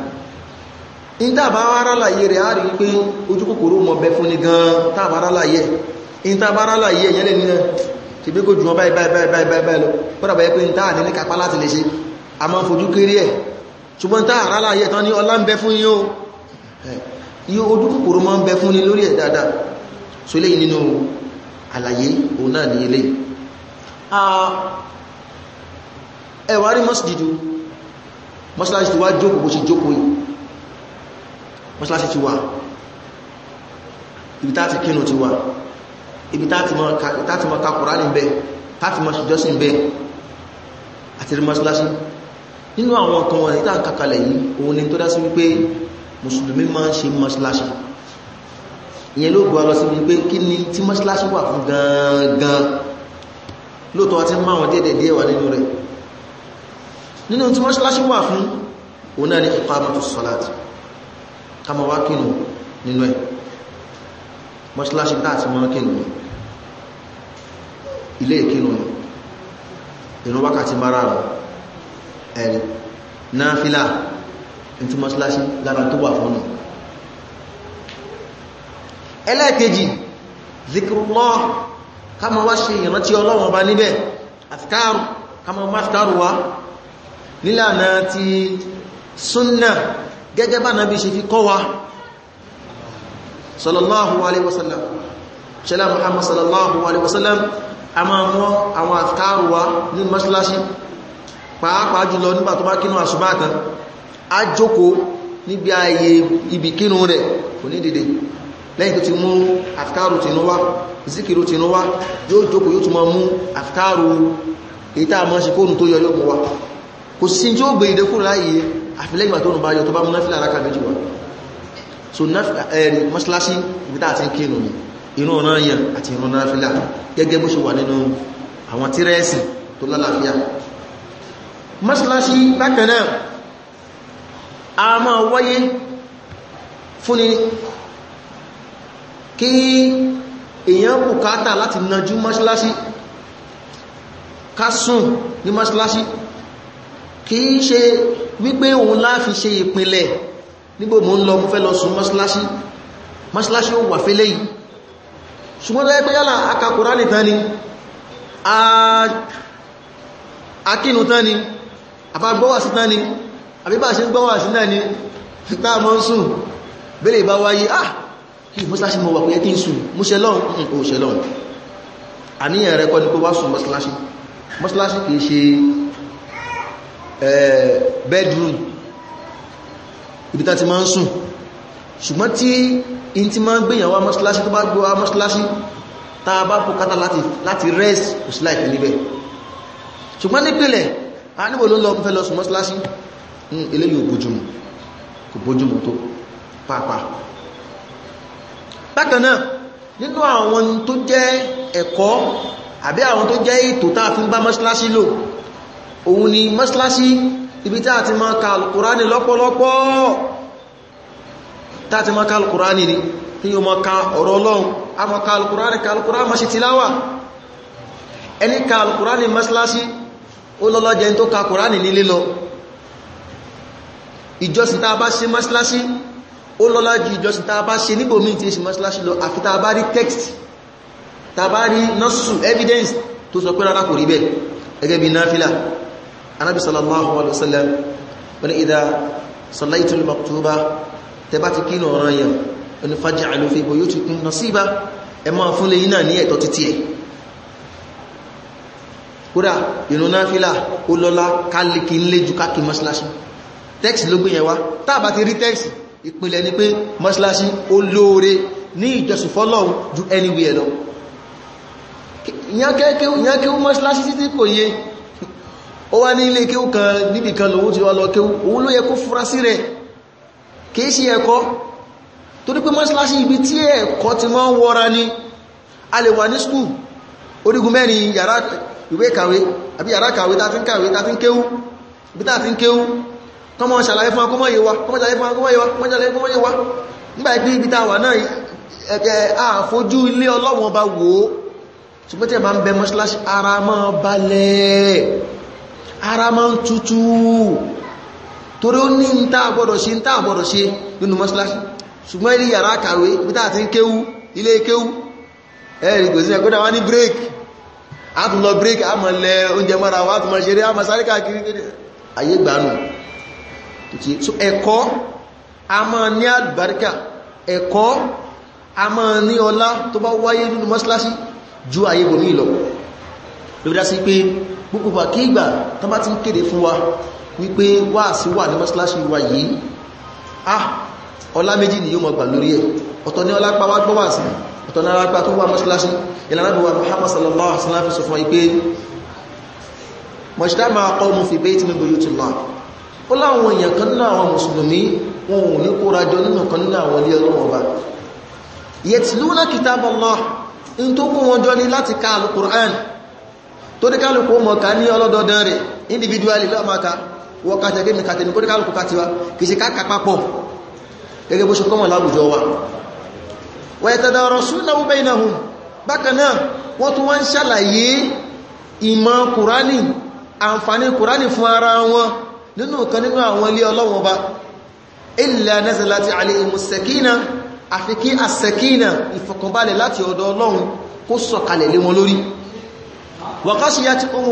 in tàbá ara láyé rẹ̀ á rí pé ojú kòkòrò mọ̀ bẹ fún ni gan tàbá ara láyé in tàbá ṣùgbọ́n tá àrá láyé tán ní ọlá ń bẹ fún yín yíò ojú kòkòrò máa ń bẹ fún ní lórí ẹ̀ dáadáa so lè nínú àlàyé òun náà ní ilé ẹwà rí mọ́sídìdú mọ́síláṣì ti wá jókòó bó ṣe jókòó yìí mọ́síláṣì ti wà ibi táti kínú ti wà ibi táti mọ́ kakùrá ní bẹ́ táti mọ́ ṣùjọ́sìn bẹ́ àti rí mọ́síláṣì nínú àwọn kan wọ̀nyí tá yìí òun ni tó dá sí wípé mùsùlùmí máa ń ṣe mọ́ṣíláṣí ìyẹn ló gbọ́ lọ sí wípé kí ni tí mọ́ṣíláṣí wà fún gangan lóòótọ́ àti máwọn dédé díẹ̀ wà nínú rẹ̀ nínú tí mọ́ṣíláṣí wà fún òun náà ní ìpamọ́tò sọ́láàtì kama wá kínú nínú ẹ̀ mọ́ṣíláṣí dáàtì mọ́ kínú ilé ìkínú ìrún wákàtí márààrún ẹ̀rì náà fílà tí mọ́sílásí lára tó wà fún ẹlẹ́ẹ̀kejì zikrullah ká máa wá ṣe ìrántí Ọlọ́run Ọba níbẹ̀ àfikáàrù ká máa wá àfikáàrù wá nílànà ti súnnà gẹ́gẹ́ bá nàbí ṣe fi kọ́ wa sallallahu alaihi wasallam ṣẹlá Muhammad sallallahu alaihi wasallam a máa mọ́ àwọn àfikáàrù wa A jókòó níbi ààyè ibi kírun rẹ̀ kò ní dìde lẹ́yìn tó ti mú àfikáàrù tínú wá zikiru tínú wá yóò jókòó yóò tún máa mú àfikáàrù èyí tá a mọ́ ṣe kóòrùn tó yọ yóò mú wa kò sí tí ó gbé ìdẹ́kùn láàyè àfilẹ́gbà tó nù bá yọ tó bá mú so ẹ̀rì mọ́ṣíláṣí ibi tá a ti ń kírun ni inú ọ̀nà yẹn àti ìrun náfìlà gẹ́gẹ́ bó ṣe wà nínú a máa wáyé fúnni kí èyàn bùkátà láti nàjú mọ́ṣíláṣí kásùn ní mọ́ṣíláṣí kì í ṣe wípé òun láàfi ṣe ìpínlẹ̀ nígbò mú ń lọ mú fẹ́ lọ sùn mọ́ṣíláṣí mọ́ṣíláṣí ó wà fẹ́lẹ̀ yìí ṣùgbọ́n tó yẹ yálà akàkùrá lè tán ni akínú tán ni àbágbọ́wà sí tán ni àbíbà ṣe ń gbọ́wà sí náà ni tá mọ́ ń sùn bẹ́lẹ̀ bá wáyé ah kí mọ́síláṣí mọ́ wà pé ẹkí ń sùn mú ṣe lọ́n kò mm, ṣe lọ́n àníyàn rẹ eh, bedroom ibi tá ti máa ń sùn ṣùgbọ́n tí in ti máa ń gbéyàn wá mọ́síláṣí tó bá gbé láti rest kò sí láìpẹ́ níbẹ̀ ṣùgbọ́n nípìnlẹ̀ a níbo ló ń lọ fẹ́ lọ sùn mọ́síláṣí ní hmm, eléyìí ò bójúmu kò bójúmu tó pàápàá bákan náà nínú àwọn tó jẹ́ ẹ̀kọ́ àbí àwọn tó jẹ́ ètò táà fi ń bá mọ́ṣíláṣí lò òun ni mọ́ṣíláṣí ibi táà ti máa ka alkùránì lọ́pọ̀lọpọ̀ táà ti máa ka alkùránì ni tí yíò máa ka ọ̀rọ̀ ọlọ́run a máa ìjọsìn tàbá ṣe mọ́síláṣí ó lọ́lá ju ìjọsìn tàbá ṣe níbòmí tí ṣe mọ́síláṣí lọ àfi tàbá rí text tàbá rí nọ́sù evidence tó sọ pé rárá kò rí bẹ́ẹ̀ gẹ́gẹ́ bí náfílà anábì sallallahu alaihi wasallam wani idha sallaytul maktuba tẹbá ti kínú ọ̀ràn yẹn wani faj'alu fi buyutikum nasiba ẹ máa fún lẹ́yìn náà ní ẹ̀tọ́ tẹ́ksì ló gbé yẹn wá tàbá ti rí tẹ́ksì ìpìlẹ̀ ni pé mọ́síláṣí ó lóore ní ìjọsìn fọ́lọ́run ju anywhere lọ ìyàn kéwú mọ́síláṣí títí kò yé ó wá ní ilé kéwú kan níbi kan lòun ti wá lọ kéwú òun ló yẹ kó fura sí rẹ̀ kìí ẹ̀kọ́ torí pé mọ́síláṣí ibi tí ẹ̀kọ́ ti máa ń wọra ni a lè wà ní skul orígun mẹ́rin yàrá ìwé kàwé àbí yàrá kàwé tá ti ń kàwé tá ti ń kéwú kọmọ ṣàlàyé fún akọmọ yíwa kọmọ ṣàlàyé fún akọmọ yíwa kọmọ ṣàlàyé fún akọmọ yíwa nígbà ìpín ibi tàwà náà ẹ̀kẹ́ àfojú ilé ọlọ́wọ́n bá wò ó ṣùgbọ́n tí ẹ bá ń bẹ mọ́ṣíláṣí ara máa balẹ̀ ara máa ń tutù torí ó ní ń tá àgbọ́dọ̀ ṣe ń tá àgbọ́dọ̀ ṣe nínú mọ́ṣíláṣí ṣùgbọ́n ilé yàrá kàwé ibi tá àti ń kéwú ilé kéwú ẹ̀rì kò sí ẹ̀kọ́dà wá títí so ẹ̀kọ́ a máa ní àlùbáríkà ẹ̀kọ́ a máa ní ọlá tó bá wáyé nínú mọ́sálásí ju ayé bòmí lọ lórí dá sí pé gbogbo bà kí ìgbà tó bá ti ń kéde fún wa wípé wá sí wà ní mọ́sálásí wa yìí ah ọlá méjì ni yóò mọ̀ gbà lórí ẹ̀ ọ̀tọ̀ ní ọlá pàwà gbọ́wà sí ọ̀tọ̀ ní alápá tó wà ó láwọn èèyàn kan náà àwọn mùsùlùmí wọn ò ní kóra jọ nínú kan náà àwọn ilé ọlọ́wọ́ bá yatluna kitaballah in tó kún wọn jọ ní láti ka al-Qur'an tó ní kálùkù mọ̀ká ní ọlọ́dọọdán rẹ̀ individually lọ́mọ̀ká wọ́n kàtẹ̀gẹ́ mi kàtẹ̀ ní kó ní kálùkù kàtíwá kì í ṣe káàkà papọ̀ gẹ́gẹ́ bó ṣe kọ́mọ̀ láwùjọ wa wa yatadarasunahu bainahum bákan náà wọ́n kùránì fún ara wọn nínú kan nínú àwọn ilé ọlọ́run ọba illa nazalat alayhim as-sakina àfi kí as-sakina ìfọ̀kànbalẹ̀ láti ọ̀dọ̀ ọlọ́run kó sọ̀kalẹ̀ lé wọn lórí wa ghashiyatuhum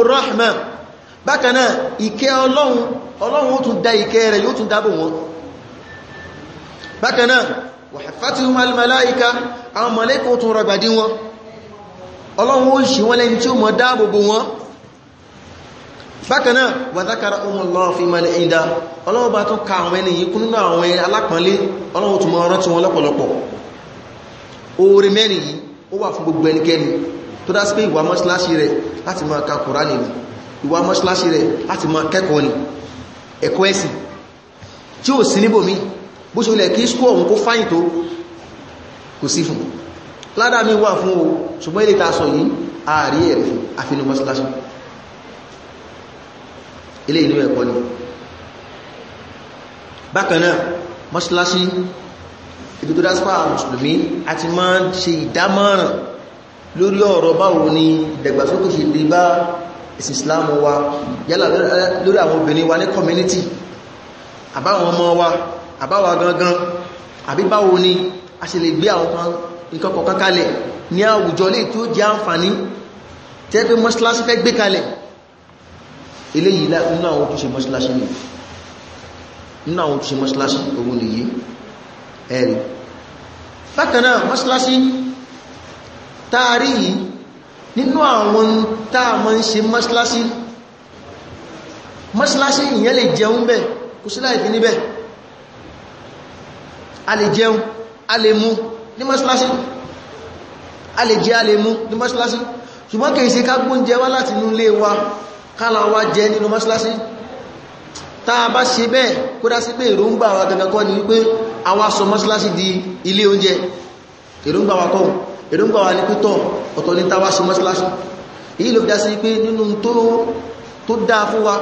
ar ọlọ́run ó tún wọ́n lẹ́ni tí ó mọ̀ dáàbòbò wọn bákanáà wàzákàrà umullahu fi man inda ọlọ́wọ́ bá tún ka àwọn ẹni yìí kún nínú àwọn alápọ̀nlé ọlọ́wọ́ tún mọ́ ọ̀rán tí wọ́n lọ́pọ̀lọpọ̀ oore mẹ́rin yìí ó wà fún gbogbo ẹnikẹ́ni tó dá sí pé ìwà mọ́ṣíláṣí rẹ̀ láti máa ka Kùránì ni ìwà mọ́ṣíláṣí rẹ̀ láti máa kẹ́kọ̀ọ́ ni ẹ̀kọ́ ẹ̀sìn tí ò sí níbòmí bó ṣe lẹ̀ o ṣùgbọ́n ilé ta sọ yìí ààrí ẹ̀rí ilé inú ẹ̀kọ́ ni bákanáà mọ́ṣíláṣí ibi tó dásípá mùsùlùmí a ti máa ń ṣe ìdámọ̀ràn lórí ọ̀rọ̀ báwo ni ìdàgbàsókè ṣe lè bá ìsìn Islam wa yálà lórí àwọn obìnrin wa ní community àbáwọn ọmọ wa àbáwa gangan àbí báwo ni a ṣe lè gbé àwọn nǹkan kọ̀ọ̀kan kalẹ̀ ní àwùjọ lè tó jẹ́ àǹfààní tẹ́ pé mọ́ṣíláṣí fẹ́ gbé kalẹ̀ eléyìí nínú àwọn ojúṣe mọ́síláṣí ni nínú àwọn ojúṣe mọ́síláṣí òun nìyí ẹ̀rì bákanáà mọ́síláṣí táàrí yìí nínú àwọn táà mọ́ ń ṣe mọ́síláṣí mọ́síláṣí ìyẹn lè jẹun bẹ́ kò sí láì fi níbẹ̀ a lè jẹun a a lè mú ní mọ́síláṣí ṣùgbọ́n kìí ṣe ká gbóúnjẹ wá láti inú ilé wa kálà wá jẹ nínú mọ́ṣíláṣí tá a bá ṣe bẹ́ẹ̀ kó dá sí pé èròǹgbà wa gangan ni wípé àwa sọ mọ́ṣíláṣí di ilé oúnjẹ èròǹgbà wa kọ́ èròǹgbà wa ní pítọ̀ ọ̀tọ̀ ní táwa ṣe mọ́ṣíláṣí èyí ló dá sí pé nínú tó dáa fún wa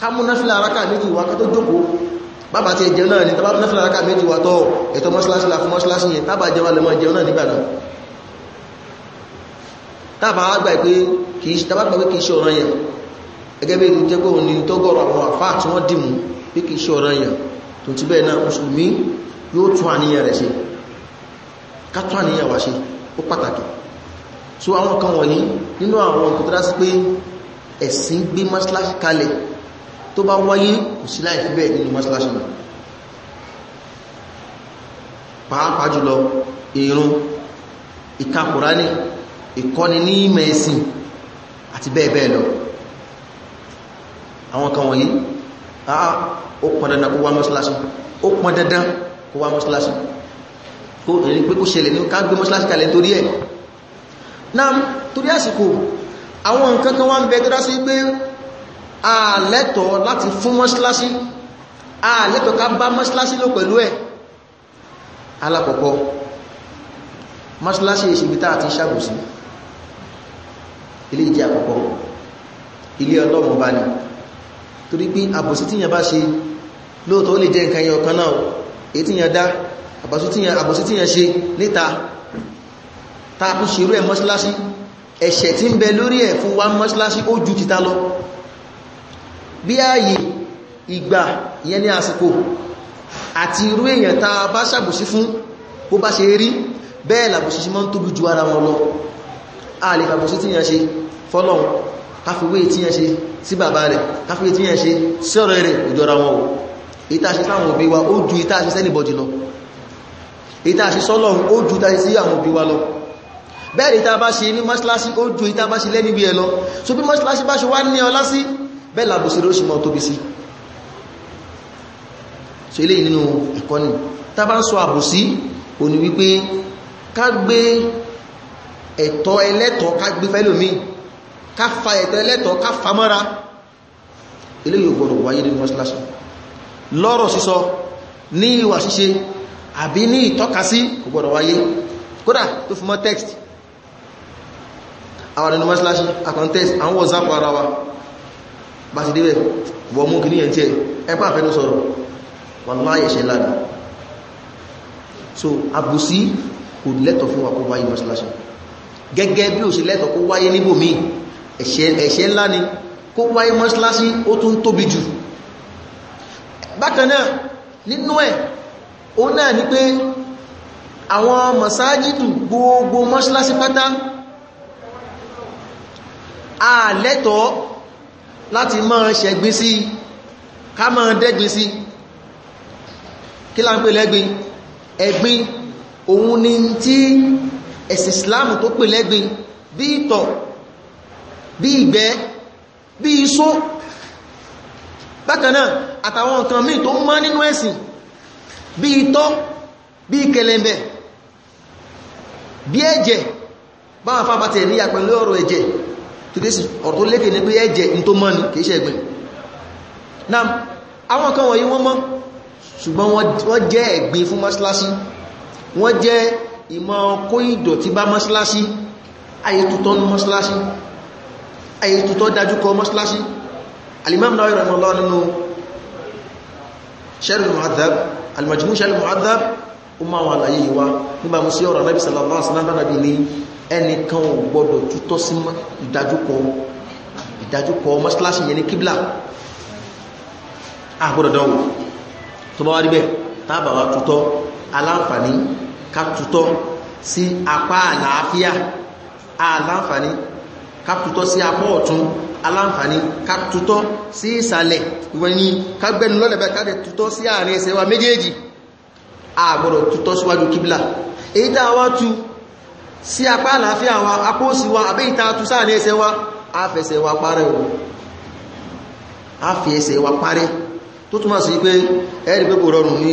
ká mú náfìlà aráka méjì wa ká tó jókòó bàbá ti ẹjẹ náà ni tàbátún náfìlà aráka méjì wa tọ́ ẹ̀tọ́ mọ́ṣíláṣí la fún mọ́ṣíláṣí yẹn tábà jẹ́ wa lè mọ́ ẹjẹun gbà pé kìí ṣe ọ̀ràn yẹn gẹ́gẹ́ bí ètò jẹ́gbẹ́ òun ni tọ́gọ̀rọ̀ àwọn àfáà tí wọ́n dìmú pé kìí ṣe ọ̀ràn èèyàn tó ti bẹ́ẹ̀ náà mùsùlùmí yóò tún àníyàn rẹ̀ ṣe ká tún àníyàn wà ṣe ó pàtàkì so àwọn kan wọ̀nyí nínú àwọn nǹkan tó dá sí pé ẹ̀sìn gbé mọ́ṣáláṣí kalẹ̀ tó bá ní ìmẹ̀ àti bẹ́ẹ̀ lọ àwọn kan wọ̀nyí àá ó pọn dandan kó wá mọ́sálásí ó pọn dandan kó wá mọ́sálásí kó èrí pé kó ṣẹlẹ̀ ní ká gbé mọ́sálásí kalẹ̀ torí ẹ̀ náà torí àsìkò àwọn nǹkan kan wá ń bẹ tó dá sí pé àlẹ́tọ̀ láti fún mọ́sálásí àlẹ́tọ̀ ká bá mọ́sálásí ló pẹ̀lú ẹ̀ alákọ̀ọ́kọ́ mọ́sálásí ìṣègbítà àti ṣàbòsí ilé ìjẹ́ àkọ́kọ́ ilé ọlọ́run bá ní torí pé àbòsí tíyàn bá ṣe lóòtọ́ ó lè jẹ́ nǹkan yẹn ọ̀kan náà èyí tíyàn dá àbòsí tíyàn ṣe níta tààkù ṣerú ẹ̀ mọ́ṣíláṣí ẹ̀ṣẹ̀ tí ń bẹ lórí ẹ̀ fún wa mọ́ṣíláṣí ó ju títà lọ bí ààyè ìgbà ìyẹn ní àsìkò àti irú èèyàn tá a bá ṣàbòsí fún bó bá ṣe rí bẹ́ẹ̀ làbòsí ṣe máa ń tóbi ju ara wọn lọ a lè tíyàn ṣe fọ́lọ́run káfíwé tí yẹn ṣe sí bàbá rẹ̀ káfíwé tí yẹn ṣe sí ọ̀rọ̀ rẹ̀ òjọra wọn o sáwọn òbí wa ó ju ìtàṣe sẹ́nìbọ̀dì lọ ìtàṣe sọ́lọ́run ó ju ìtàṣe sí àwọn òbí wa lọ bẹ́ẹ̀ ìta bá ṣe ní mọ́ṣíláṣí ju ìta bá ṣe lẹ́niwí ẹ lọ so bí mọ́ṣíláṣí bá ṣe wá ní ọlá sí bẹ́ẹ̀ làbùsí ló ṣe mọ́ tóbi sí so ilé nínú ẹ̀kọ́ ni ta ká gbé ẹ̀tọ́ ẹlẹ́tọ̀ọ́ ká fa ẹ̀tọ́ ẹlẹ́tọ̀ọ́ ká fa mọ́ra ilé yóò gbọ́dọ̀ wáyé nínú mọ́sílásì lọ́rọ̀ sísọ ní ìwà ṣíṣe àbí ní ìtọ́kasí kò gbọ́dọ̀ wáyé kódà tó fi mọ́ text àwọn nínú mọ́sílásì àkàn text àwọn whatsapp ara wa bá ti débẹ̀ wọ́n mú kìíní ẹ̀ntí ẹ̀ ẹpá àfẹ́nu sọ̀rọ̀ wọ́n máa yẹ̀ṣẹ̀ lánàá so àbùsí kò lẹ́tọ̀ fún wa kó wáyé mọ́sílásì gẹ́gẹ́ bí ó ṣe lẹ́tọ̀ kó wáyé níbòmíì ẹ̀ṣẹ̀ ńlá ni kó wáyé mọ́sílásí ó tún tóbi jù bákanáà nínú ẹ̀ ó náà ní pé àwọn mọ̀sáájìdù gbogbo mọ́sílásí pátá a lẹ́tọ̀ọ́ láti máa ṣẹ̀gbin sí ká máa dẹ́gbin sí kí lá ń pè lẹ́gbin ẹ̀gbin òun ni tí ẹ̀sìn Islam tó pè lẹ́gbin bí ìtọ̀ bí ìgbẹ́ bí iṣó bákanáà àtàwọn nǹkan míì tó mọ́ nínú ẹ̀sìn bí itọ́ bí bí ẹ̀jẹ̀ báwọn afá bàtẹ̀ ní eje ọ̀rọ̀ ẹ̀jẹ̀ tó dé sí ọ̀rọ̀ tó lékè ní pé ẹ̀jẹ̀ ní tó mọ́ ní kìí ṣe ẹ̀gbìn na àwọn kan wọ̀nyí wọ́n mọ́ ṣùgbọ́n wọ́n jẹ́ ètò tó dájú kọ mọ́síláṣí alimam Nawawi rahimahullah nínú sharh al-muhadhab al-majmu' sharh al-muhadhab ó máa wà láyé ìwá nígbà mú sí ọ̀rọ̀ anábì sallallahu alaihi wasallam náà ní ẹnìkan ò gbọdọ̀ tútọ́ sí ìdájúkọ ìdájúkọ mọ́síláṣí yẹn kápútọ́ sí apọ́ ọ̀tún aláǹfààní kápútọ́ sí ìsàlẹ̀ ìwẹ̀ni kágbẹ́nu lọ́lẹ̀bẹ̀ káàdẹ̀ tútọ́ sí àárín ẹsẹ̀ wa méjèèjì àgbọ̀dọ̀ tútọ́ síwájú kíbílà èyí tá wá tú sí apá àlàáfíà wa apó òsì wa àbí ìta tú sáàrin ẹsẹ̀ wa àfẹsẹ̀ wa parẹ́ o wa parẹ́ tó túmọ̀ sí pé ẹ̀rì pé kò rọrùn ní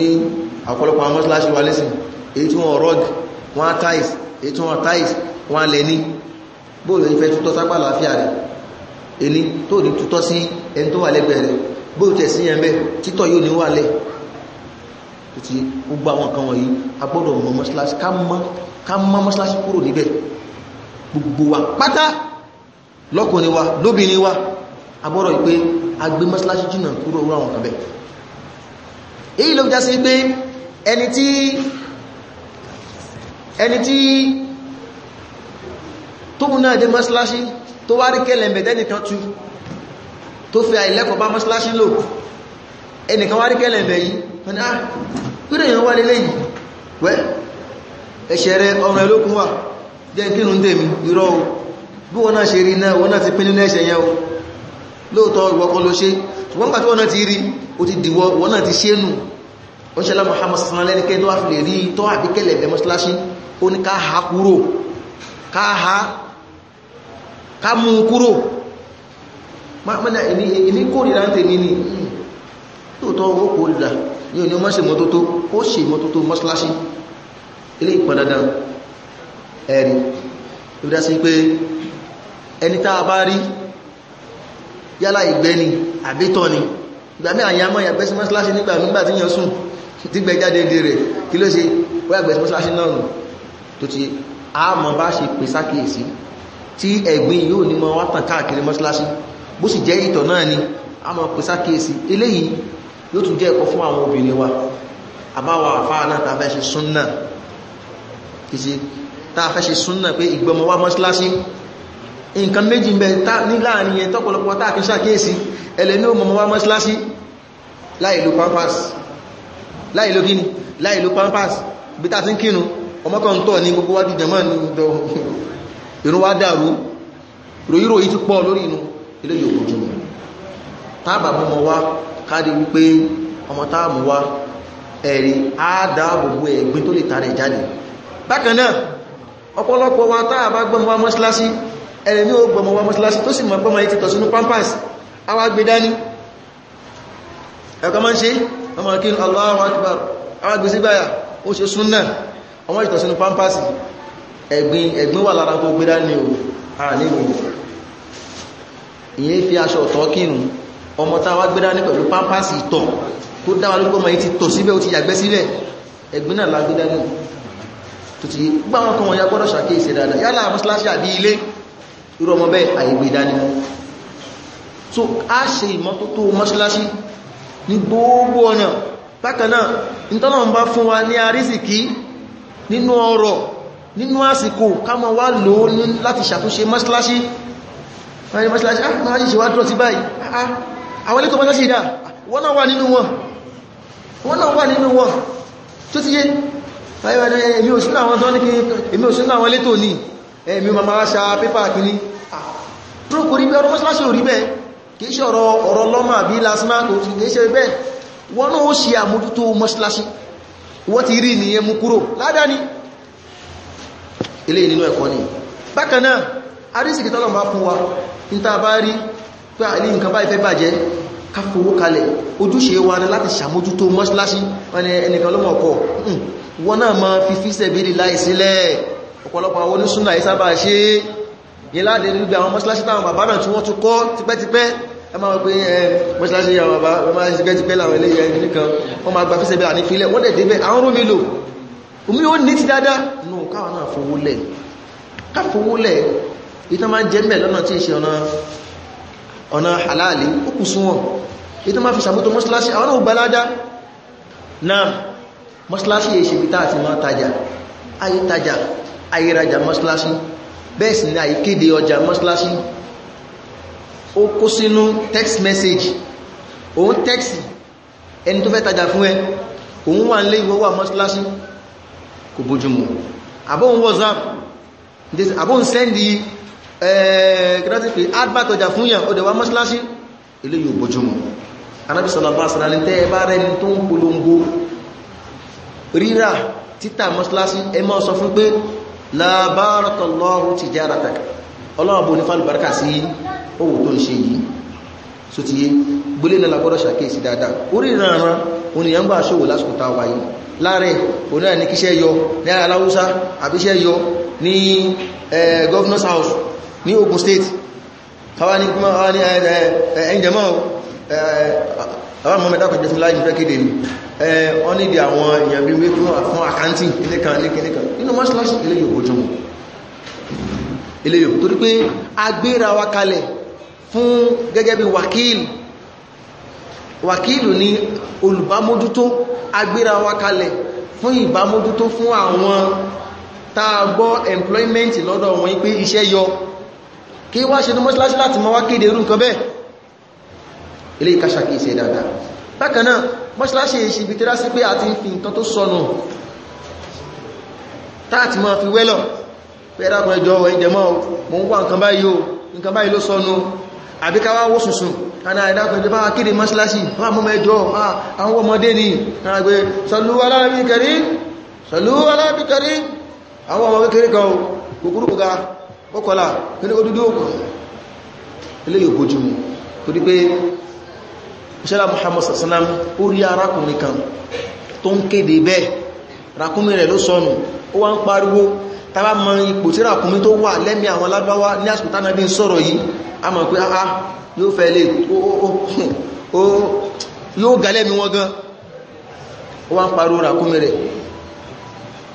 ọ̀pọ̀lọpọ̀ àwọn mọ́sálásí wa lẹ́sìn èyí tí bóòlù ìfẹ́ tútọ́ sápá àlàáfíà rẹ̀ èní tó ní tútọ́ sí ẹni tó wà lẹ́gbẹ̀ẹ́ rẹ̀ bóòlù tẹ̀ sí ẹ̀mẹ́ títọ́ yóò ní wà lẹ̀ ti gbogbo àwọn kan wọ̀nyí a gbọ́dọ̀ mọ̀ mọ́ṣáláṣí ká mọ́ mọ́ṣáláṣí kúrò níbẹ̀ gbogbo wa pátá lọ́kùnrin wa lóbìnrin wa a gbọ́dọ̀ pé a gbé mọ́ṣáláṣí jìnnà kúrò rú àwọn kan bẹ̀ èyí ló já sí pé ẹni tí tóun náà dé mọ́síláṣí tó wá rí kẹ́lẹ̀ mẹ́tẹ́ nìkan tú tó fi àìlẹ́kọ̀ọ́ bá mọ́síláṣí lò ẹnìkan wá rí kẹ́lẹ̀ mẹ́ yìí wọ́n ni ah kúrò èèyàn wá lélẹ́ yìí wẹ́ ẹ̀ṣẹ̀ rẹ ọmọ ẹlókun wà jẹ́ kínú ń tèmi irọ́ o bí wọ́n náà ṣe rí náà wọ́n náà ti pín nínú ẹ̀ṣẹ̀ yẹn o lóòótọ́ ìwọ́kan ló ká ha kúrò ká ha ká mú kúrò mọ́nà ìní kórìíra ń tèmi ní tóòtọ́ ó kórìíra ní òní ọmọ ṣe mọ́tótó ó ṣe mọ́tótó mọ́ṣáláṣí ilé ìpọ̀dandan ẹ̀rí ìbídá sí pé ẹni tá a bá rí yálà ìgbẹ́ni àbítọ́ ni ìgbà mí àyà mọ́ ìyàgbẹ́sí mọ́ṣáláṣí nígbà nígbà tí yàn sùn tí gbẹ jáde dé rẹ̀ kí ló ṣe wọ́n yàgbẹ́sí mọ́ṣáláṣí náà nù tó ti àmọ́ bá tí ẹ̀gbin yóò ní mọ́ wá tàn káàkiri mọ́ṣáláṣí bó sì jẹ́ ìtọ̀ náà ni a máa pèsè àkíyèsí eléyìí yóò tún jẹ́ ẹ̀kọ́ fún àwọn obìnrin wa àbáwọ̀ àfáà náà ta fẹ́ ṣe súnnà kìí ta fẹ́ ṣe súnnà pé ìgbọmọ wá mọ́ṣáláṣí nǹkan méjì bẹ ní láàrin yẹn tọ́pọ̀lọpọ̀ tá àfi ṣàkíyèsí ẹlẹ́ni ó mọ̀mọ́ wá mọ́ṣáláṣí láìlò pampas bí ta ti ń ní gbogbo wájú jẹ̀mọ́ ní irun wá dàrú ròyìnrò yìí ti pọ̀ lórí inú ilé yòókù jù mọ̀ táàbà mọ́ wá káàdì wípé ọmọ táàmù wá ẹ̀rí àádáàbòbò ẹ̀gbin tó lè tààrẹ ìjáde bákan náà ọ̀pọ̀lọpọ̀ wa táàbà gbọmọ wá mọ́síláṣí ẹ̀rẹ̀ ní ó gbọmọ wá mọ́síláṣí tó sì mọ̀ gbọmọ yìí ti tọ̀ sínú pampers awá gbé ẹ̀gbin ẹ̀gbin wà lára tó gbéra ní o ara níwò ìyẹn fi aṣọ ọ̀tọ́ kírun ọmọ táwa gbéra ní pẹ̀lú pampasì ìtọ̀ tó dáwà lórí pọ́mọ yìí ti tọ̀ síbẹ̀ ó ti yàgbẹ́ sílẹ̀ ẹ̀gbin náà la gbéra ní ya gbọ́dọ̀ ṣàkíyèsí dáadáa yálà mọ́ṣáláṣí so a ṣe ìmọ́tótó mọ́ṣáláṣí ní gbogbo ọ̀nà bákan náà ìtọ́nà ń bá fún wa ní àrísìkí nínú ọrọ̀ nínú àsìkò kama wá lò ó ní láti ṣàtúnṣe mọ́síláṣí mọ́síláṣí ah, ṣe wá dúró sí báyìí ah, ah, àwọn ilé tó mọ́síláṣí ìdá wọ́n náà wà nínú wọn wọ́n náà wà nínú wọn tó ti yé èmi ò sínú àwọn tán ní kí èmi ò sínú àwọn ilé tó ní èmi ma máa ṣa pépà kìíní tó kò rí bẹ́ ọ̀rọ̀ mọ́síláṣí ò rí bẹ́ẹ̀ kìí ilé nínú ẹ̀kọ́ ni bákan náà arísìkì tọ́lọ̀ bá fún wa ní ta bá rí pé ní nǹkan bá ìfẹ́ bàjẹ́ ká fowó kalẹ̀ ojúṣe wa ní láti ṣàmójútó mọ́ṣíláṣí ẹnìkan ló mọ̀ ọkọ̀ hmm, wọn náà ma fi fíṣẹ̀ bíi láì sílẹ̀ ọ̀pọ̀lọpọ̀ àwọn oníṣúná yìí sábà ṣe yìí láti níbi àwọn mọ́ṣíláṣí táwọn bàbá náà tí wọ́n tún kọ́ tipẹ́tipẹ́ ẹ máa wọ́n pé ẹ mọ́ṣíláṣí àwọn bàbá máa ń tipẹ́tipẹ́ láwọn eléyẹ nìkan wọ́n máa omi ó ní ti dáadáa nù káwọn náà fowó lẹ̀ ká fowó lẹ̀ ìtàn máa jẹ́ mẹ́ lọ́nà tí ìṣe ọ̀nà ọ̀nà halali ó kù súnwọ̀n ìtàn máa fi sàmótò mọ́síláṣí àwọn náà gbaládá náà mọ́síláṣí èṣe bí táà ti máa tajà ayé tajà ayé rajà mọ́síláṣí bẹ́ẹ̀ sì ni àìkéde ọjà mọ́síláṣí ó kó sínú text message òun text ẹni tó fẹ́ tajà fún ẹ òun wà nílé ìwọ wà mọ́síláṣí kò bójúmu abon whatsapp abon àbóhun sẹ́ndì eh, kìrátìpì adbatojà fún yàn ó dẹ̀wà mọ́síláṣí ilé yóò bójúmọ̀ Ànábì sallallahu alaihi wasallam tẹ́ bá rẹ̀ ní tó ń polongo rírà títà mọ́síláṣí ẹ máa sọ fún pé la barakallahu tijaratak ọlọ́ọ̀bọ̀ ní fàlùbárkà sí owó tó ń ṣe yìí so ti yé gbólé náà lagbọ́dọ̀ ṣàkíyèsí dáadáa orí ìrànran oníyàn gbà ṣòwò lásìkò táwà yìí láàrin òun náà ní kíṣẹ́ yọ ní aláwúsá àbíṣẹ́ yọ ní governor's house ní Ogun State káwà ní ẹnjẹmọ́ àwọn mọ́mẹ́ta kò jẹ́sí láì nífẹ́ kéde ní wọ́n nídi àwọn èèyàn bí wé fún àkántì nìkan nìkan inú mọ́ṣíláṣì ilé yòó jùmọ̀ ilé yòó torí pé agbéra wàkílù ní olùbámójútó agbéra wa kalẹ̀ fún ìbámójútó fún àwọn táa gbọ́ employment lọ́dọ̀ wọn pé iṣẹ́ yọ kí wá ṣe tó mọ́síláṣí láti mọ́ wá kéde irú nǹkan bẹ́ẹ̀ ilé ìkàṣàkì ìṣẹ́ dáadáa bákanáà mọ́síláṣí èṣì ibi tẹ́lá sí pé a ti ń fi nǹkan tó sọnù táàtì máa fi wẹ́lọ̀ pẹ́ẹ́dàkùnrin jọ ẹ̀jẹ̀ mọ́ mo nǹkan báyìí ló sọnù àbí ká wá wó sùsùn àná ìdákùnjẹ́ bá kéde mọ́síláṣì wà mọ́ mẹ́jọ àwọn ọmọdé ni àgbẹ̀ sọlú alábìkẹrí sọlú alábìkẹrí àwọn ọmọ kékeré kan kòkúrò ga kọ́kọ́lá kíní odúdó òkùn ilé yóò bójú mu tó dí pé ìṣẹ́lá Muhammad sassanam ó rí arákùnrin kan tó ń kéde bẹ́ẹ̀ rakúnmí rẹ̀ ló sọnù ó wá ń pariwo tàbá mọ ipò tí ràkúnmí tó wà lẹ́mí àwọn alábáwá ní àsìkò tánà bí sọ̀rọ̀ yìí a mọ̀ pé áá ah, ah, yóò fẹ́ lè yóò ga lẹ́mí wọn gan ó wá ń paró ràkúnmí rẹ̀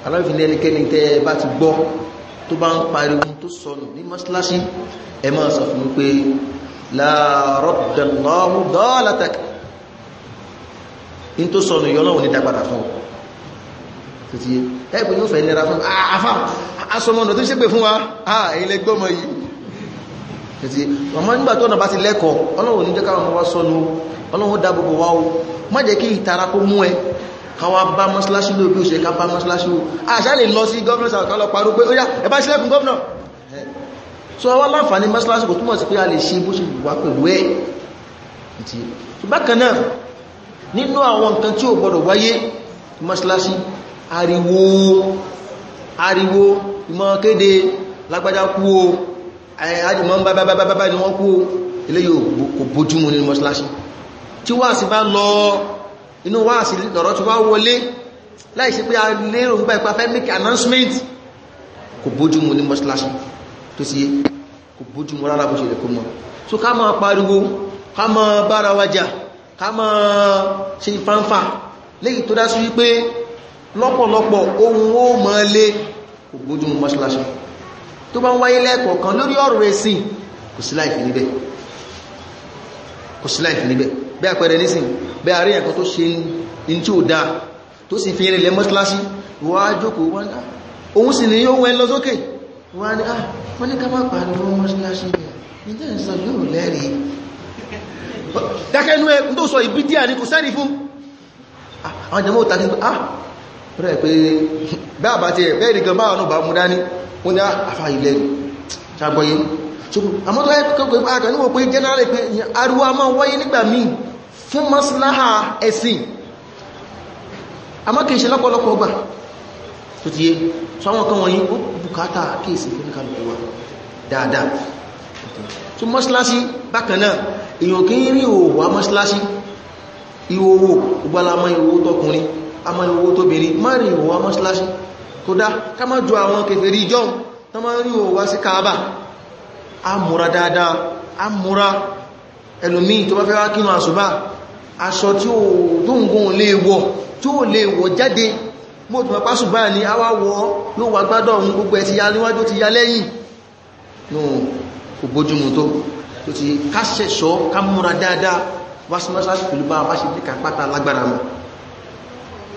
alábìfin ẹnikẹ́ni tẹ́ bá ti gbọ́ tó bá ń pariwo tó sọnù ní mọ́síláṣí ẹ máa sọ fún pé la radda Allahu dalatak in tó sọnù yọ́lọ́wọ́ ní dágbàdà fún ọ tó ti yé ẹ̀pù yóò fẹ́ nira fún àfà ah, asọmọ̀nà tó ṣe pé fún wa ah, ẹ̀yìn lẹ gbọ́mọ yìí tó ti yé ọmọ nígbà tó ọ̀nà bá ti lẹ́kọ̀ọ́ ọlọ́run ní jẹ́ káwọn ọmọ wa sọnù ọlọ́run dá gbogbo wa o má jẹ́ kí ìtara kó mú ẹ káwa bá mọ́ṣáláṣí ló bí ó ṣe ká bá mọ́ṣáláṣí o àṣà lè lọ sí gọ́vnà sàkọ́ lọ parú pé ó yá ẹ bá ṣílẹ̀kùn gọ́vnà so àwọn aláǹfààní mọ́ṣáláṣí kò túmọ̀ sí pé a lè ṣe bó ṣe wà pẹ̀lú ẹ̀ bákan náà nínú àwọn nǹkan tí ò gbọdọ̀ wáyé mọ́ṣáláṣí ariwo ariwo ìmọ̀ kéde lágbájá kú o àjùmọ̀ bábábábá ni wọ́n kú o ilé yóò kò bójú mu nínú mọ́ṣáláṣí tí wáàsí bá lọ inú wáàsí lọ́rọ̀ tí wá wọlé láìsí pé a lérò nípa ìpa fẹ́ make announcement kò bójú mu ní mọ́ṣáláṣí tó sì yé kò bójú mu rárá bó ṣe lè kó mọ́ so ká máa pariwo ká máa bára waja, ká máa ṣe ìfànfà léyìí tó dá sí wípé lọ́pọ̀lọpọ̀ ohun ó mọ́ lé ògbójúmù mọ́ṣíláṣí tó bá ń wáyé lẹ́ẹ̀kọ̀ọ̀kan lórí ọ̀rọ̀ ẹ̀sìn kò sí láìfì níbẹ̀ kò sí láìfì níbẹ̀ bẹ́ àpẹẹrẹ nísìn bẹ́ àrí ẹ̀kọ́ tó ṣe ní tí ó dá tó sì fi rìnlẹ̀ mọ́ṣíláṣí wọ́n á jókòó wọ́n á ah, òun sì ní yóò wẹ́n lọ sókè ah, wọ́n ní ká má pariwo mọ́ṣíláṣí níjẹ́ ìsọ yóò lẹ́rìí dákẹ́nu ẹ̀ ń tó sọ ìbídíà ní kò sẹ́rìí fún ah, rẹ̀ pé báàbá ti ẹ̀fẹ́ ìrìnkan báwọn náà bá mú dání ó ní ah, àfà ilẹ̀ ṣàgbọ́yé àmọ́tọ́ ẹ̀kọ́kọ́ àkàníwò pé jẹ́nàrẹ̀ pé ariwa máa wáyé nígbà míì fún maslaha ẹ̀sìn àmọ́ kìí ṣe lọ́pọ̀lọpọ̀ ọgbà tó ti yé sọ àwọn kan wọ̀nyí ó bùkátà kíyèsí fún kálukú wa dáadáa tó mọ́síláṣí bákan náà èèyàn kìí rí òwò wá mọ́síláṣí ìhòòhò gbọ́lámọ́ tọkùnrin amọ́niwó tó bèèrè má rí ìwò wá mọ́síláṣí kò dá ká má jọ àwọn kèfèrí ìjọ tó má rí ìwò wá sí káàbà a múra dáadáa a múra ẹlòmí tó bá fẹ́ wá kínú àṣùbá aṣọ tí ó dóngún lè wọ tí ó lè wọ jáde mọ́ tó pápá ṣùgbá ní àwá wọ yóò wà gbádọ̀ ohun gbogbo ẹ̀ ti ya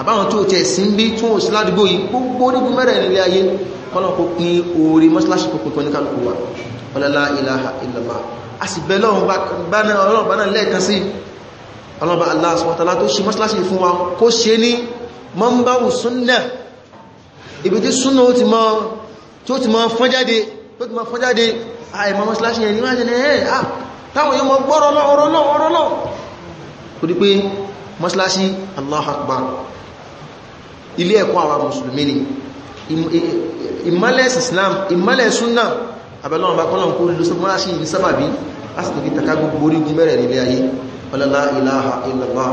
àbáwọn tó tẹ̀ sí bí tún òsì ládùúgbò yìí gbogbo onígun mẹ́rẹ̀ nílé ayé kọ́lọ̀kọ́ pín orí mọ́síláṣì pín pín kálùkù wa ọlọ́lá ìlàhà ìlàmà a sì bẹ̀ ọlọ́run bá náà lẹ́ẹ̀kan sí ọlọ́ba Allah subhanahu wa ta'ala tó ṣe mọ́síláṣì fún wa kó ṣe ní mọ́mbáwù súnnà ibi tí súnnà ó ti mọ́ fọ́n jáde tó ti mọ́ fọ́n jáde àìmọ́ mọ́síláṣì yẹn ni wá jẹ́ ẹ̀ táwọn yóò mọ́ gbọ́rọ̀ lọ́ọ̀rọ̀ lọ́ọ̀rọ̀ lọ́ọ̀ ilé ẹ̀kọ́ àwọn mùsùlùmí ni e, e, ìmọ́lẹ̀ islam ìmọ́lẹ̀ súnnà abẹ́lọ́wọ́n bá kọ́lọ̀ kó lùsọ mọ́lá sí ìlú sábàbí lásìkò fi taka gbogbo orígun mẹ́rẹ̀ nílé ayé ọlọ́lá ilaha illallah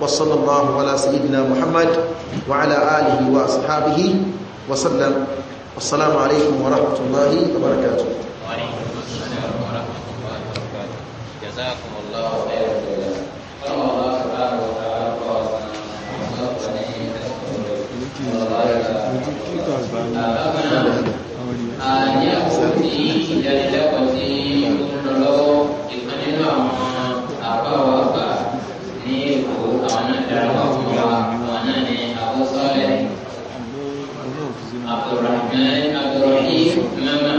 wa sallallahu ala sayyidina muhammad wa àyẹ̀wò tí ìdánilẹ́kọ̀ọ́ tí ó ń lọ lọ́wọ́ ìkan nínú àwọn àbáwọ̀ àgbà ní èkó àwọn náà darapọ̀ fún wa àwọn náà ní àwọ̀sọ́lẹ̀ àbùràmẹ́ àbùràmí mẹ́mẹ́.